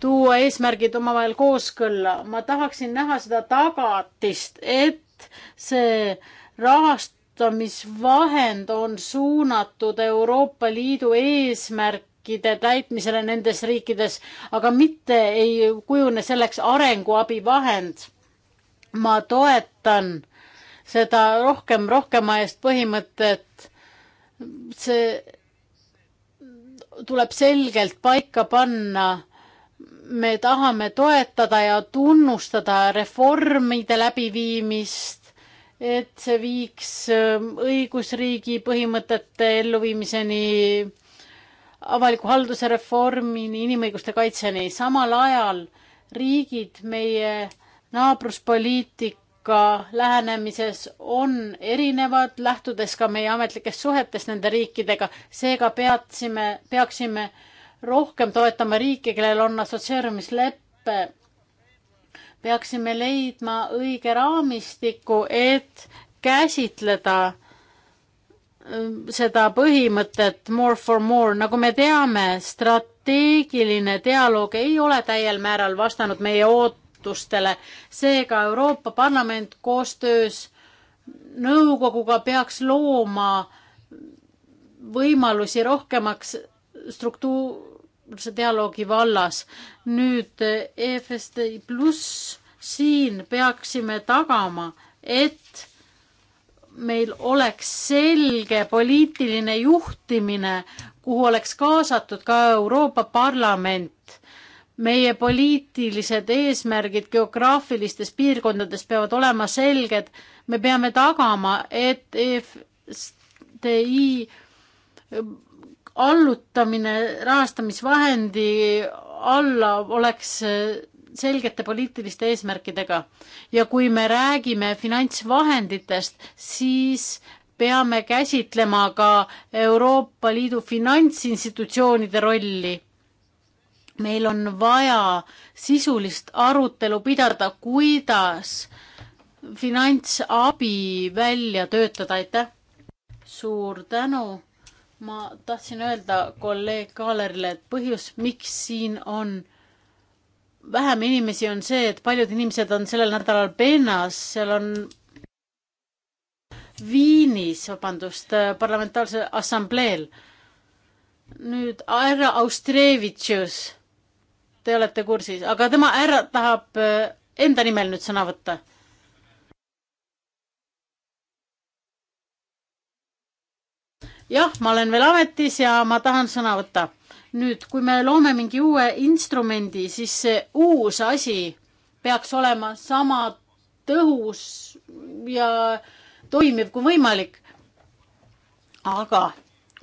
tuua eesmärgid omavahel kooskõlla. ma tahaksin näha seda tagatist, et see rahast-, rahastamisvahend on suunatud Euroopa Liidu eesmärkide täitmisele nendes riikides, aga mitte ei kujune selleks arenguabivahend. ma toetan seda rohkem rohkema eest põhimõtet. see tuleb selgelt paika panna. me tahame toetada ja tunnustada reformide läbiviimist, et see viiks ähm, õigusriigi põhimõtete elluviimiseni, avaliku halduse reformini, inimõiguste kaitseni. samal ajal riigid meie naabruspoliitika lähenemises on erinevad, lähtudes ka meie ametlikest suhetest nende riikidega. seega peatsime, peaksime rohkem toetama riike, kellel on assotsieerumislepe peaksime leidma õige raamistiku, et käsitleda ähm, seda põhimõtet more for more, nagu me teame, strateegiline dialoog ei ole täiel määral vastanud meie ootustele, seega Euroopa Parlament koostöös nõukoguga peaks looma võimalusi rohkemaks struktuur, dialoogi vallas. nüüd EFSD pluss, siin peaksime tagama, et meil oleks selge poliitiline juhtimine, kuhu oleks kaasatud ka Euroopa Parlament. meie poliitilised eesmärgid geograafilistes piirkondades peavad olema selged. me peame tagama, et EFSTI allutamine rahastamisvahendi alla oleks selgete poliitiliste eesmärkidega. ja kui me räägime finantsvahenditest, siis peame käsitlema ka Euroopa Liidu finantsinstitutsioonide rolli. meil on vaja sisulist arutelu pidada, kuidas finantsabi välja töötada, aitäh! suur tänu! ma tahtsin öelda kolleeg Kaalerile, et põhjus, miks siin on vähem inimesi, on see, et paljud inimesed on sellel nädalal pennas, seal on Viinis, vabandust, parlamentaarsel assambleel. nüüd härra Austrevitšus, te olete kursis, aga tema härra tahab eh, enda nimel nüüd sõna võtta. jah, ma olen veel ametis ja ma tahan sõna võtta. nüüd, kui me loome mingi uue instrumendi, siis see uus asi peaks olema sama tõhus ja toimiv kui võimalik. aga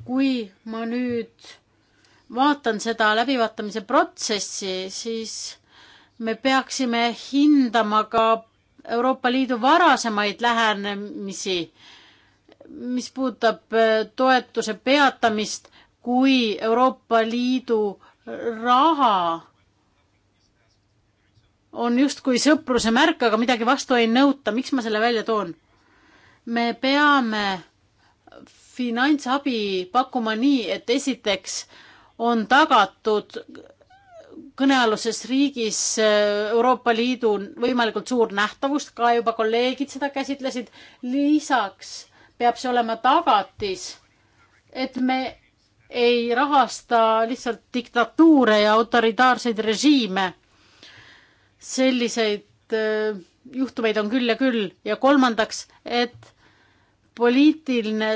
kui ma nüüd vaatan seda läbivaatamise protsessi, siis me peaksime hindama ka Euroopa Liidu varasemaid lähenemisi mis puudutab äh, toetuse peatamist, kui Euroopa Liidu raha on justkui sõpruse märk, aga midagi vastu ei nõuta, miks ma selle välja toon? me peame finantsabi pakkuma nii, et esiteks on tagatud kõnealuses riigis äh, Euroopa Liidu võimalikult suur nähtavus, ka juba kolleegid seda käsitlesid, lisaks peab see olema tagatis, et me ei rahasta lihtsalt diktatuure ja autoritaarseid režiime. selliseid äh, juhtumeid on küll ja küll ja kolmandaks, et poliitiline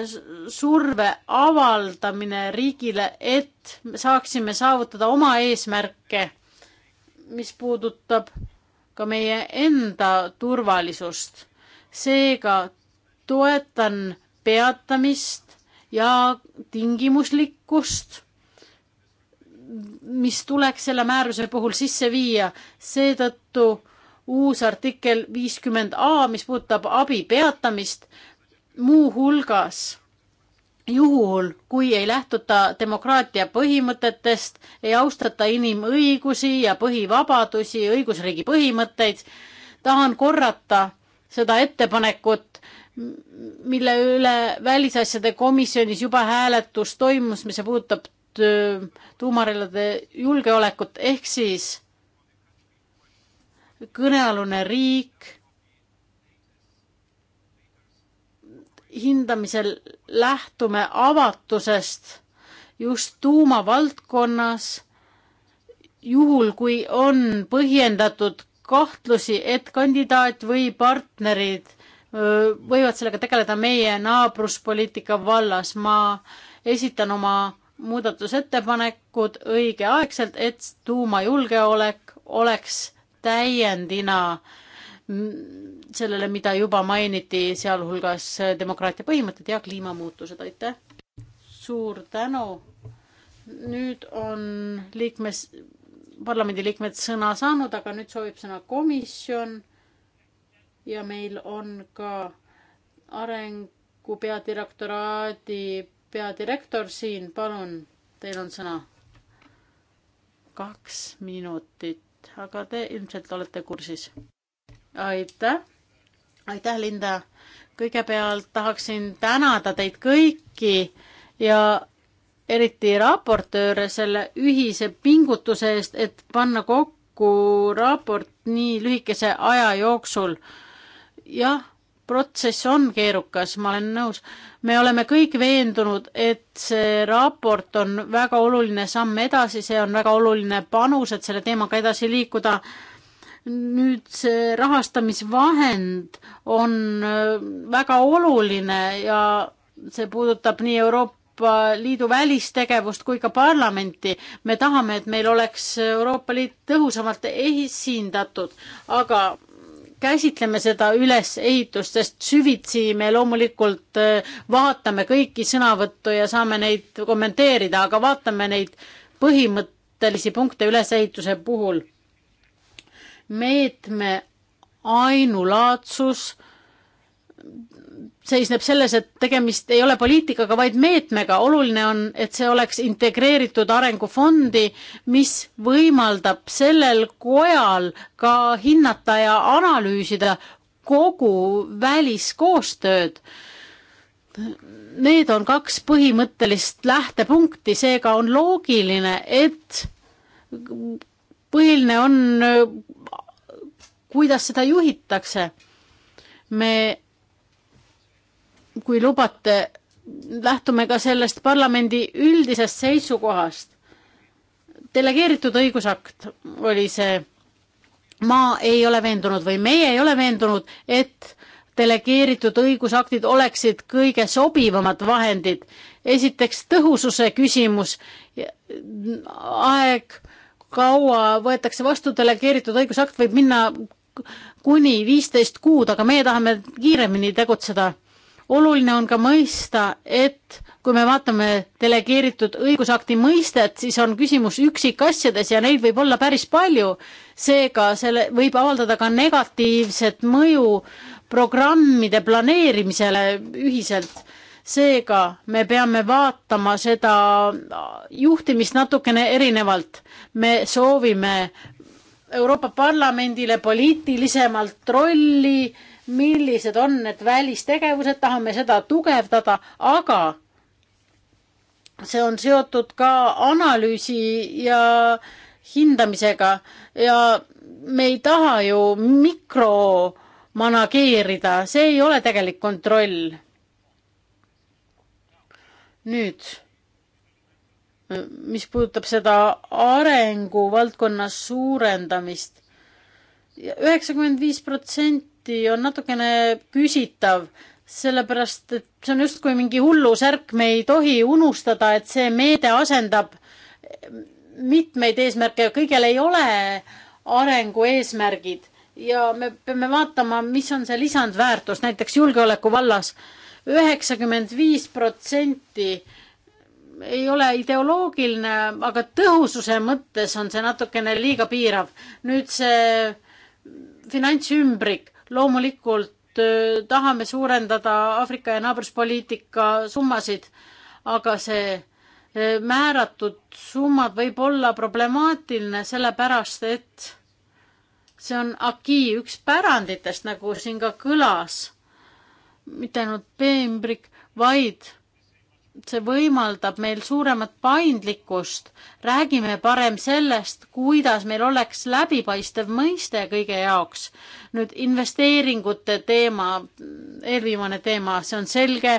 surve avaldamine riigile, et saaksime saavutada oma eesmärke, mis puudutab ka meie enda turvalisust. seega toetan peatamist ja tingimuslikkust, mis tuleks selle määruse puhul sisse viia, seetõttu uus artikkel viiskümmend A, mis puudutab abi peatamist, muuhulgas juhul, kui ei lähtuta demokraatia põhimõtetest, ei austata inimõigusi ja põhivabadusi, õigusriigi põhimõtteid, tahan korrata seda ettepanekut, mille üle välisasjade komisjonis juba hääletus toimus, mis puudutab tuumarelvade julgeolekut, ehk siis kõnealune riik hindamisel lähtume avatusest just tuumavaldkonnas, juhul kui on põhjendatud kahtlusi, et kandidaat või partnerid võivad sellega tegeleda meie naabruspoliitika vallas. ma esitan oma muudatusettepanekud õigeaegselt, et tuumajulgeolek oleks täiendina sellele, mida juba mainiti, sealhulgas demokraatia põhimõtted ja kliimamuutused, aitäh! suur tänu! nüüd on liikmes, parlamendiliikmed sõna saanud, aga nüüd soovib sõna komisjon ja meil on ka arengu peadirektoraadi peadirektor siin, palun, teil on sõna. kaks minutit, aga te ilmselt olete kursis. aitäh, aitäh, Linda. kõigepealt tahaksin tänada teid kõiki ja eriti raportööre selle ühise pingutuse eest, et panna kokku raport nii lühikese aja jooksul jah, protsess on keerukas, ma olen nõus. me oleme kõik veendunud, et see raport on väga oluline samm edasi, see on väga oluline panus, et selle teemaga edasi liikuda. nüüd see rahastamisvahend on äh, väga oluline ja see puudutab nii Euroopa Euroopa Liidu välistegevust kui ka parlamenti. me tahame, et meil oleks Euroopa Liit tõhusamalt esindatud, aga käsitleme seda ülesehitust, sest süvitsi me loomulikult äh, vaatame kõiki sõnavõttu ja saame neid kommenteerida, aga vaatame neid põhimõttelisi punkte ülesehituse puhul. meetme ainulaadsus seisneb selles, et tegemist ei ole poliitikaga, vaid meetmega. oluline on, et see oleks integreeritud arengufondi, mis võimaldab sellel kojal ka hinnata ja analüüsida kogu väliskoostööd. Need on kaks põhimõttelist lähtepunkti, seega on loogiline, et põhiline on, kuidas seda juhitakse. me kui lubate, lähtume ka sellest parlamendi üldisest seisukohast. delegeeritud õigusakt oli see, ma ei ole veendunud või meie ei ole veendunud, et delegeeritud õigusaktid oleksid kõige sobivamad vahendid. esiteks tõhususe küsimus, aeg, kaua võetakse vastu delegeeritud õigusakt, võib minna kuni viisteist kuud, aga meie tahame kiiremini tegutseda oluline on ka mõista, et kui me vaatame delegeeritud õigusakti mõistet, siis on küsimus üksikasjades ja neid võib olla päris palju. seega selle võib avaldada ka negatiivset mõju programmide planeerimisele ühiselt. seega me peame vaatama seda juhtimist natukene erinevalt. me soovime Euroopa Parlamendile poliitilisemalt rolli millised on need välistegevused, tahame seda tugevdada, aga see on seotud ka analüüsi ja hindamisega ja me ei taha ju mikromanageerida, see ei ole tegelik kontroll. nüüd, mis puudutab seda arenguvaldkonna suurendamist, üheksakümmend viis protsenti alati on natukene küsitav, sellepärast et see on justkui mingi hullusärk, me ei tohi unustada, et see meede asendab mitmeid eesmärke ja kõigil ei ole arengu eesmärgid ja me peame vaatama, mis on see lisandväärtus näiteks julgeoleku vallas. üheksakümmend viis protsenti ei ole ideoloogiline, aga tõhususe mõttes on see natukene liiga piirav. nüüd see finantsümbrik, loomulikult tahame suurendada Aafrika ja naabruspoliitika summasid, aga see määratud summad võib olla problemaatiline, sellepärast et see on AKI üks päranditest, nagu siin ka kõlas, mitte ainult peembrik, vaid see võimaldab meil suuremat paindlikkust, räägime parem sellest, kuidas meil oleks läbipaistev mõiste kõige jaoks. nüüd investeeringute teema, eelviimane teema, see on selge,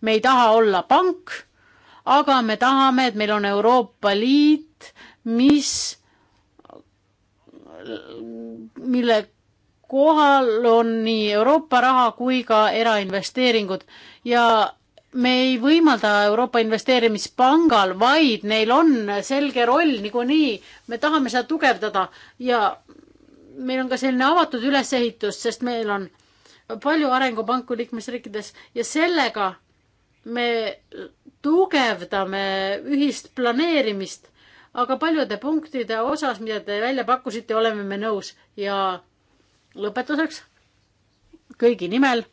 me ei taha olla pank, aga me tahame, et meil on Euroopa Liit, mis, mille kohal on nii Euroopa raha kui ka erainvesteeringud ja me ei võimalda Euroopa Investeerimispangal, vaid neil on selge roll niikuinii, me tahame seda tugevdada ja meil on ka selline avatud ülesehitus, sest meil on palju arengupanku liikmesriikides ja sellega me tugevdame ühist planeerimist, aga paljude punktide osas, mida te välja pakkusite, oleme me nõus ja lõpetuseks kõigi nimel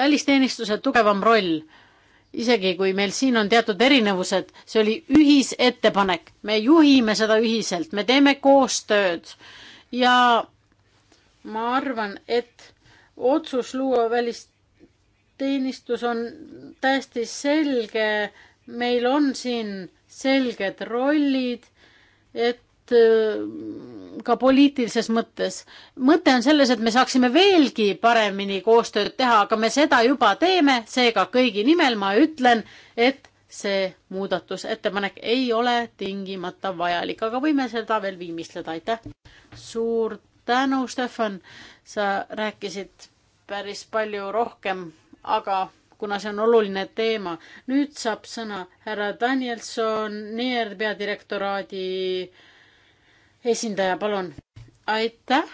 välisteenistuse tugevam roll, isegi kui meil siin on teatud erinevused, see oli ühisettepanek, me juhime seda ühiselt, me teeme koostööd ja ma arvan, et otsus luua välisteenistus on täiesti selge, meil on siin selged rollid, et ka poliitilises mõttes. mõte on selles, et me saaksime veelgi paremini koostööd teha, aga me seda juba teeme, seega kõigi nimel ma ütlen, et see muudatusettepanek ei ole tingimata vajalik, aga võime seda veel viimistleda, aitäh. suur tänu, Stefan, sa rääkisid päris palju rohkem, aga kuna see on oluline teema. nüüd saab sõna härra Danielson, NER peadirektoraadi äh, esindaja, palun. aitäh.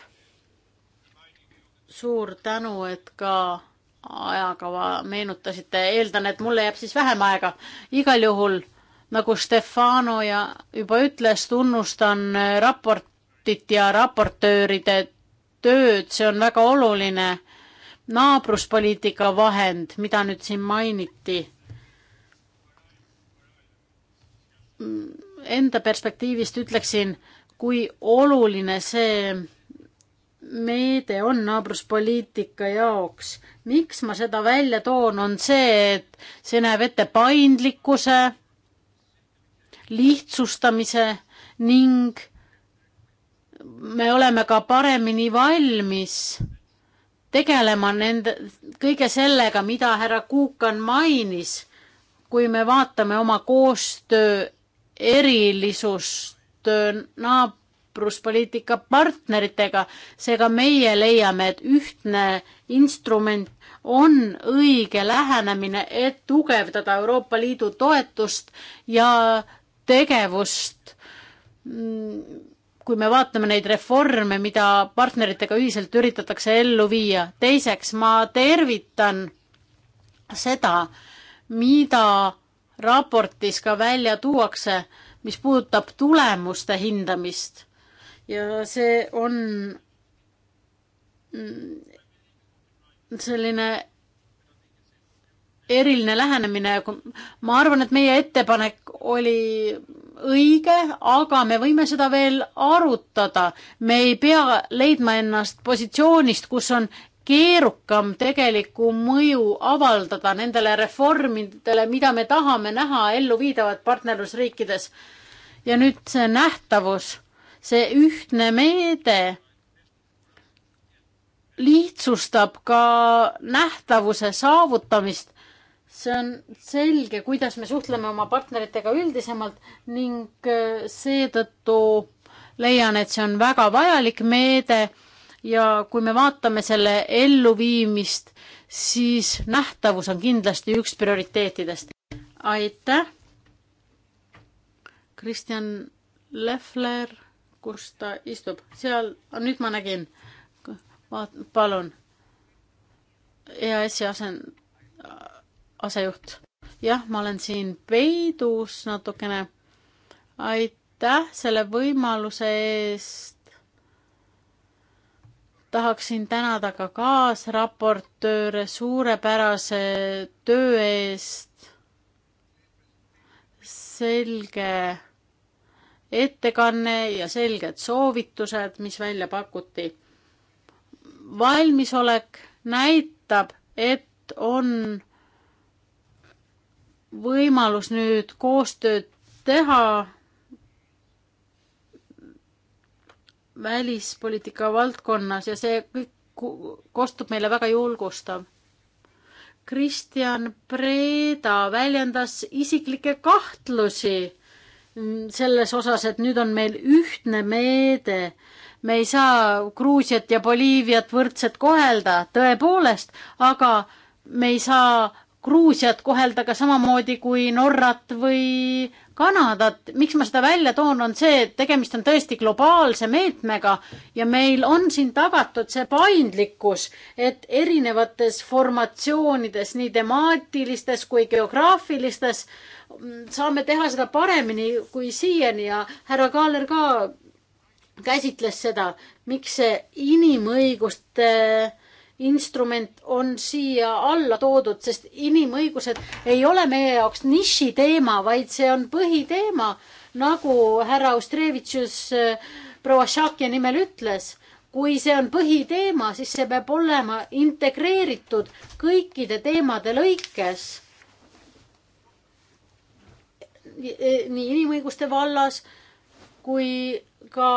suur tänu, et ka ajakava meenutasite, eeldan, et mulle jääb siis vähem aega. igal juhul nagu Stefano ja juba ütles, tunnustan äh, raportit ja raportööride tööd, see on väga oluline naabruspoliitika vahend, mida nüüd siin mainiti. Mm, enda perspektiivist ütleksin kui oluline see meede on naabruspoliitika jaoks. miks ma seda välja toon, on see, et see näeb ette paindlikkuse, lihtsustamise ning me oleme ka paremini valmis tegelema nende, kõige sellega, mida härra Kuukan mainis, kui me vaatame oma koostöö erilisust koostöö naabruspoliitika partneritega, seega meie leiame, et ühtne instrument on õige lähenemine, et tugevdada Euroopa Liidu toetust ja tegevust. kui me vaatame neid reforme, mida partneritega ühiselt üritatakse ellu viia. teiseks, ma tervitan seda, mida raportis ka välja tuuakse, mis puudutab tulemuste hindamist ja see on selline eriline lähenemine, ma arvan, et meie ettepanek oli õige, aga me võime seda veel arutada. me ei pea leidma ennast positsioonist, kus on keerukam tegelikku mõju avaldada nendele reformidele, mida me tahame näha elluviidavat partnerlusriikides ja nüüd see nähtavus, see ühtne meede lihtsustab ka nähtavuse saavutamist. see on selge, kuidas me suhtleme oma partneritega üldisemalt ning äh, seetõttu leian, et see on väga vajalik meede ja kui me vaatame selle elluviimist, siis nähtavus on kindlasti üks prioriteetidest. aitäh! Kristjan Lefler, kus ta istub, seal, ah, nüüd ma nägin, palun, EAS-i asen, asejuht. jah, ma olen siin peidus natukene. aitäh selle võimaluse eest. tahaksin tänada ka kaasraportööre suurepärase töö eest. selge ettekanne ja selged soovitused, mis välja pakuti. valmisolek näitab, et on võimalus nüüd koostööd teha välispoliitika valdkonnas ja see kõik kostub meile väga julgustav. Kristjan Preda väljendas isiklikke kahtlusi Mm, selles osas, et nüüd on meil ühtne meede. me ei saa Gruusiat ja Boliiviat võrdselt kohelda, tõepoolest, aga me ei saa Gruusiat kohelda ka samamoodi kui Norrat või Kanadat. miks ma seda välja toon, on see, et tegemist on tõesti globaalse meetmega ja meil on siin tagatud see paindlikkus, et erinevates formatsioonides, nii temaatilistes kui geograafilistes äh, saame teha seda paremini kui siiani ja härra Kaaler ka käsitles seda, miks see inimõiguste eh, instrument on siia alla toodud, sest inimõigused ei ole meie jaoks nišiteema, vaid see on põhiteema, nagu härra Austrevitšus eh, proua Šakja nimel ütles kui see on põhiteema, siis see peab olema integreeritud kõikide teemade lõikes E, nii inimõiguste vallas kui ka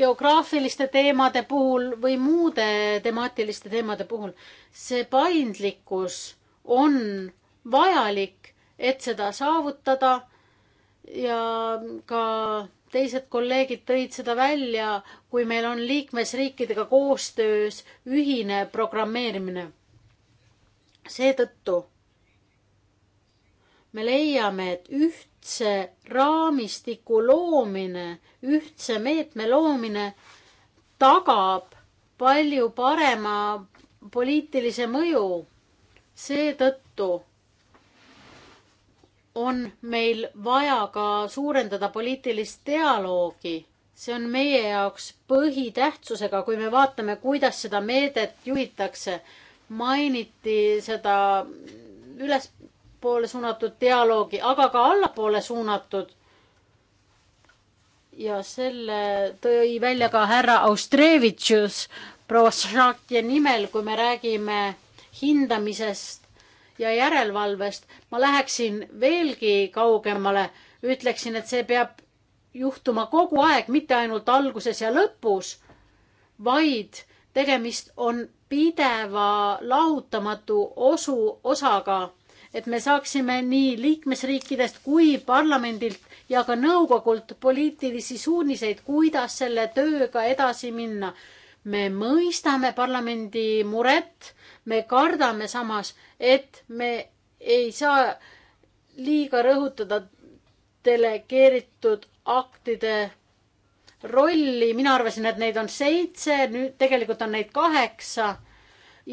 geograafiliste teemade puhul või muude temaatiliste teemade puhul. see paindlikkus on vajalik, et seda saavutada ja ka teised kolleegid tõid seda välja, kui meil on liikmesriikidega koostöös ühine programmeerimine. seetõttu me leiame, et ühtse raamistiku loomine, ühtse meetme loomine tagab palju parema poliitilise mõju. seetõttu on meil vaja ka suurendada poliitilist dialoogi. see on meie jaoks põhitähtsusega, kui me vaatame, kuidas seda meedet juhitakse. mainiti seda üles, ülespoole suunatud dialoogi, aga ka allapoole suunatud. ja selle tõi välja ka härra Austrevitšus proua Šatja nimel, kui me räägime hindamisest ja järelevalvest. ma läheksin veelgi kaugemale, ütleksin, et see peab juhtuma kogu aeg, mitte ainult alguses ja lõpus, vaid tegemist on pideva lahutamatu osu, osaga et me saaksime nii liikmesriikidest kui parlamendilt ja ka nõukogult poliitilisi suuniseid, kuidas selle tööga edasi minna. me mõistame parlamendi muret, me kardame samas, et me ei saa liiga rõhutada delegeeritud aktide rolli, mina arvasin, et neid on seitse, nüüd tegelikult on neid kaheksa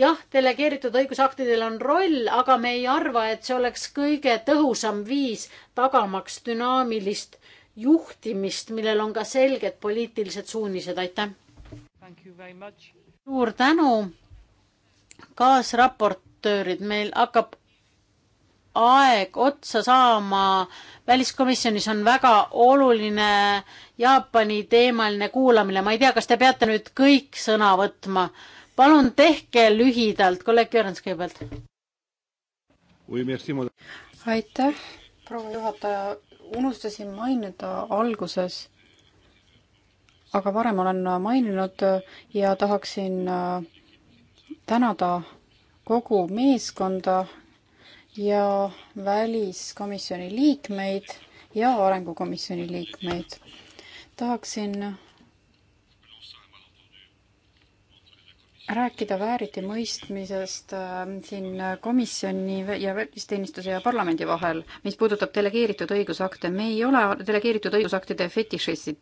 jah, delegeeritud õigusaktidel on roll, aga me ei arva, et see oleks kõige tõhusam viis tagamaks dünaamilist juhtimist, millel on ka selged poliitilised suunised, aitäh. suur tänu. kaasraportöörid, meil hakkab aeg otsa saama. väliskomisjonis on väga oluline Jaapani teemaline kuulamine, ma ei tea, kas te peate nüüd kõik sõna võtma palun tehke lühidalt, kolleeg Jürgens kõigepealt. aitäh, proua juhataja, unustasin mainida alguses, aga varem olen maininud ja tahaksin äh, tänada kogu meeskonda ja väliskomisjoni liikmeid ja arengukomisjoni liikmeid. tahaksin rääkida vääritimõistmisest äh, siin komisjoni ja välisteenistuse ja parlamendi vahel, mis puudutab delegeeritud õigusakte, me ei ole delegeeritud õigusaktide fetišistid.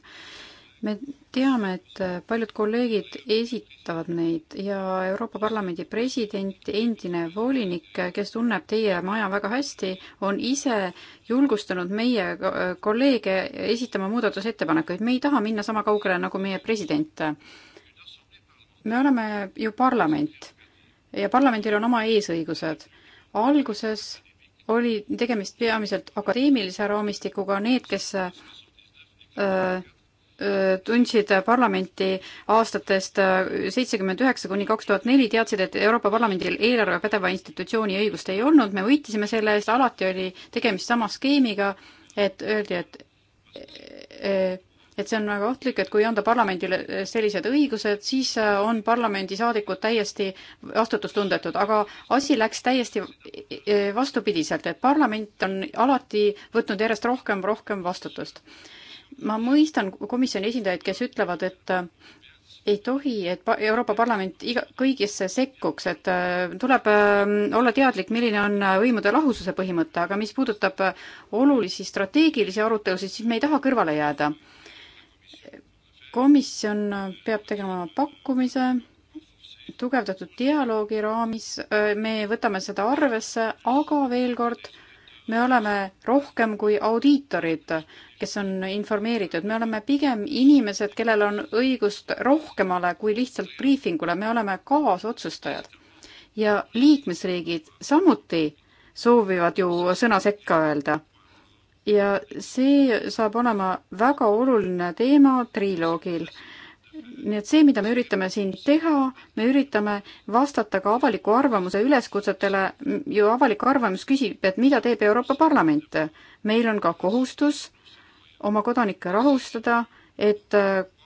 me teame, et äh, paljud kolleegid esitavad neid ja Euroopa Parlamendi president, endine volinik, kes tunneb teie maja väga hästi, on ise julgustanud meie äh, kolleege esitama muudatusettepanekuid. me ei taha minna sama kaugele nagu meie president me oleme ju parlament ja parlamendil on oma eesõigused. alguses oli tegemist peamiselt akadeemilise raamistikuga, need, kes öö, äh, äh, tundsid parlamenti aastatest äh, seitsekümmend üheksa kuni kaks tuhat neli, teadsid, et Euroopa Parlamendil eelarve pädeva institutsiooni õigust ei olnud, me võitisime selle eest, alati oli tegemist sama skeemiga, et öeldi, et et see on väga ohtlik, et kui anda parlamendile eh, sellised õigused, siis eh, on parlamendisaadikud täiesti vastutustundetud, aga asi läks täiesti eh, vastupidiselt, et parlament on alati võtnud järjest rohkem, rohkem vastutust. ma mõistan komisjoni esindajaid, kes ütlevad, et ei tohi, et Euroopa Parlament iga, kõigisse sekkuks, et tuleb olla teadlik, milline on võimude lahususe põhimõte, aga mis puudutab olulisi strateegilisi arutelusid, siis me ei taha kõrvale jääda komisjon peab tegema pakkumise tugevdatud dialoogi raamis, me võtame seda arvesse, aga veel kord, me oleme rohkem kui audiitorid, kes on informeeritud, me oleme pigem inimesed, kellel on õigust rohkemale kui lihtsalt briifingule, me oleme kaasotsustajad. ja liikmesriigid samuti soovivad ju sõna sekka öelda ja see saab olema väga oluline teema triloogil. nii et see, mida me üritame siin teha, me üritame vastata ka avaliku arvamuse üleskutsetele, ju avalik arvamus küsib, et mida teeb Euroopa Parlament. meil on ka kohustus oma kodanikke rahustada, et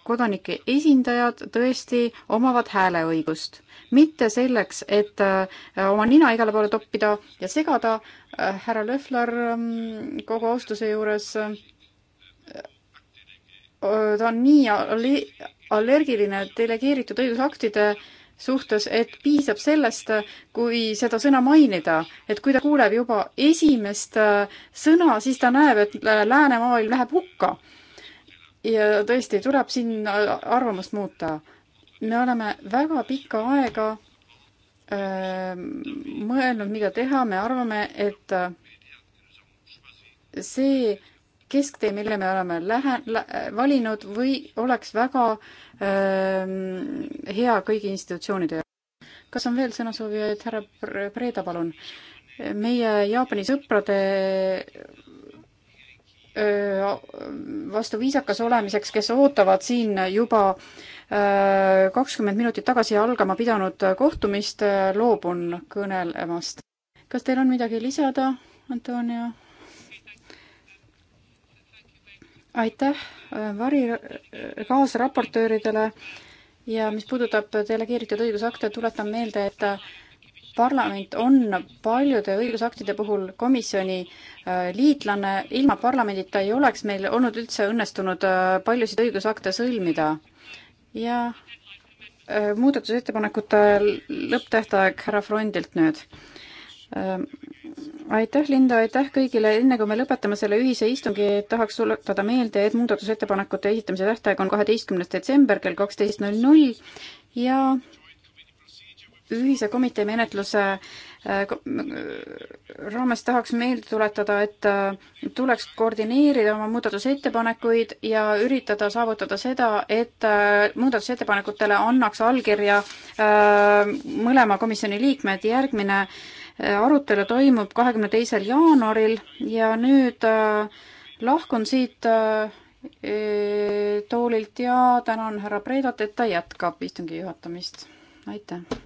kodanike esindajad tõesti omavad hääleõigust. mitte selleks, et äh, oma nina igale poole toppida ja segada, äh, härra Löhler ähm, kogu austuse juures, äh, ta on nii allergiline delegeeritud õigusaktide suhtes, et piisab sellest, kui seda sõna mainida, et kui ta kuuleb juba esimest sõna, siis ta näeb, et läänemaailm läheb hukka ja tõesti, tuleb siin arvamust muuta. me oleme väga pikka aega öö, mõelnud, mida teha, me arvame, et see kesktee, mille me oleme lähe- lä,, valinud või oleks väga öö, hea kõigi institutsioonide jaoks. kas on veel sõnasoovijaid, härra Preeda, palun? meie Jaapani sõprade vastu viisakas olemiseks, kes ootavad siin juba kakskümmend minutit tagasi algama pidanud kohtumist, loobun kõnelemast. kas teil on midagi lisada, Antonia? aitäh vari, kaasraportööridele ja mis puudutab delegeeritud õigusakte, tuletan meelde, et parlament on paljude õigusaktide puhul komisjoni äh, liitlane, ilma parlamendita ei oleks meil olnud üldse õnnestunud äh, paljusid õigusakte sõlmida. ja äh, muudatusettepanekute lõpptähtaeg härra Frondilt nüüd. Ähm, aitäh, Linda, aitäh kõigile, enne kui me lõpetame selle ühise istungi, tahaks tuletada meelde, et muudatusettepanekute esitamise tähtaeg on kaheteistkümnes detsember kell kaksteist null null ja ühise komitee menetluse äh, äh, raames tahaks meelde tuletada, et äh, tuleks koordineerida oma muudatusettepanekuid ja üritada saavutada seda, et muudatusettepanekutele annaks allkirja mõlema komisjoni liikmed. järgmine arutelu toimub kahekümne teisel jaanuaril ja nüüd lahkun siit toolilt ja tänan härra Preidot, et ta jätkab istungi juhatamist. aitäh!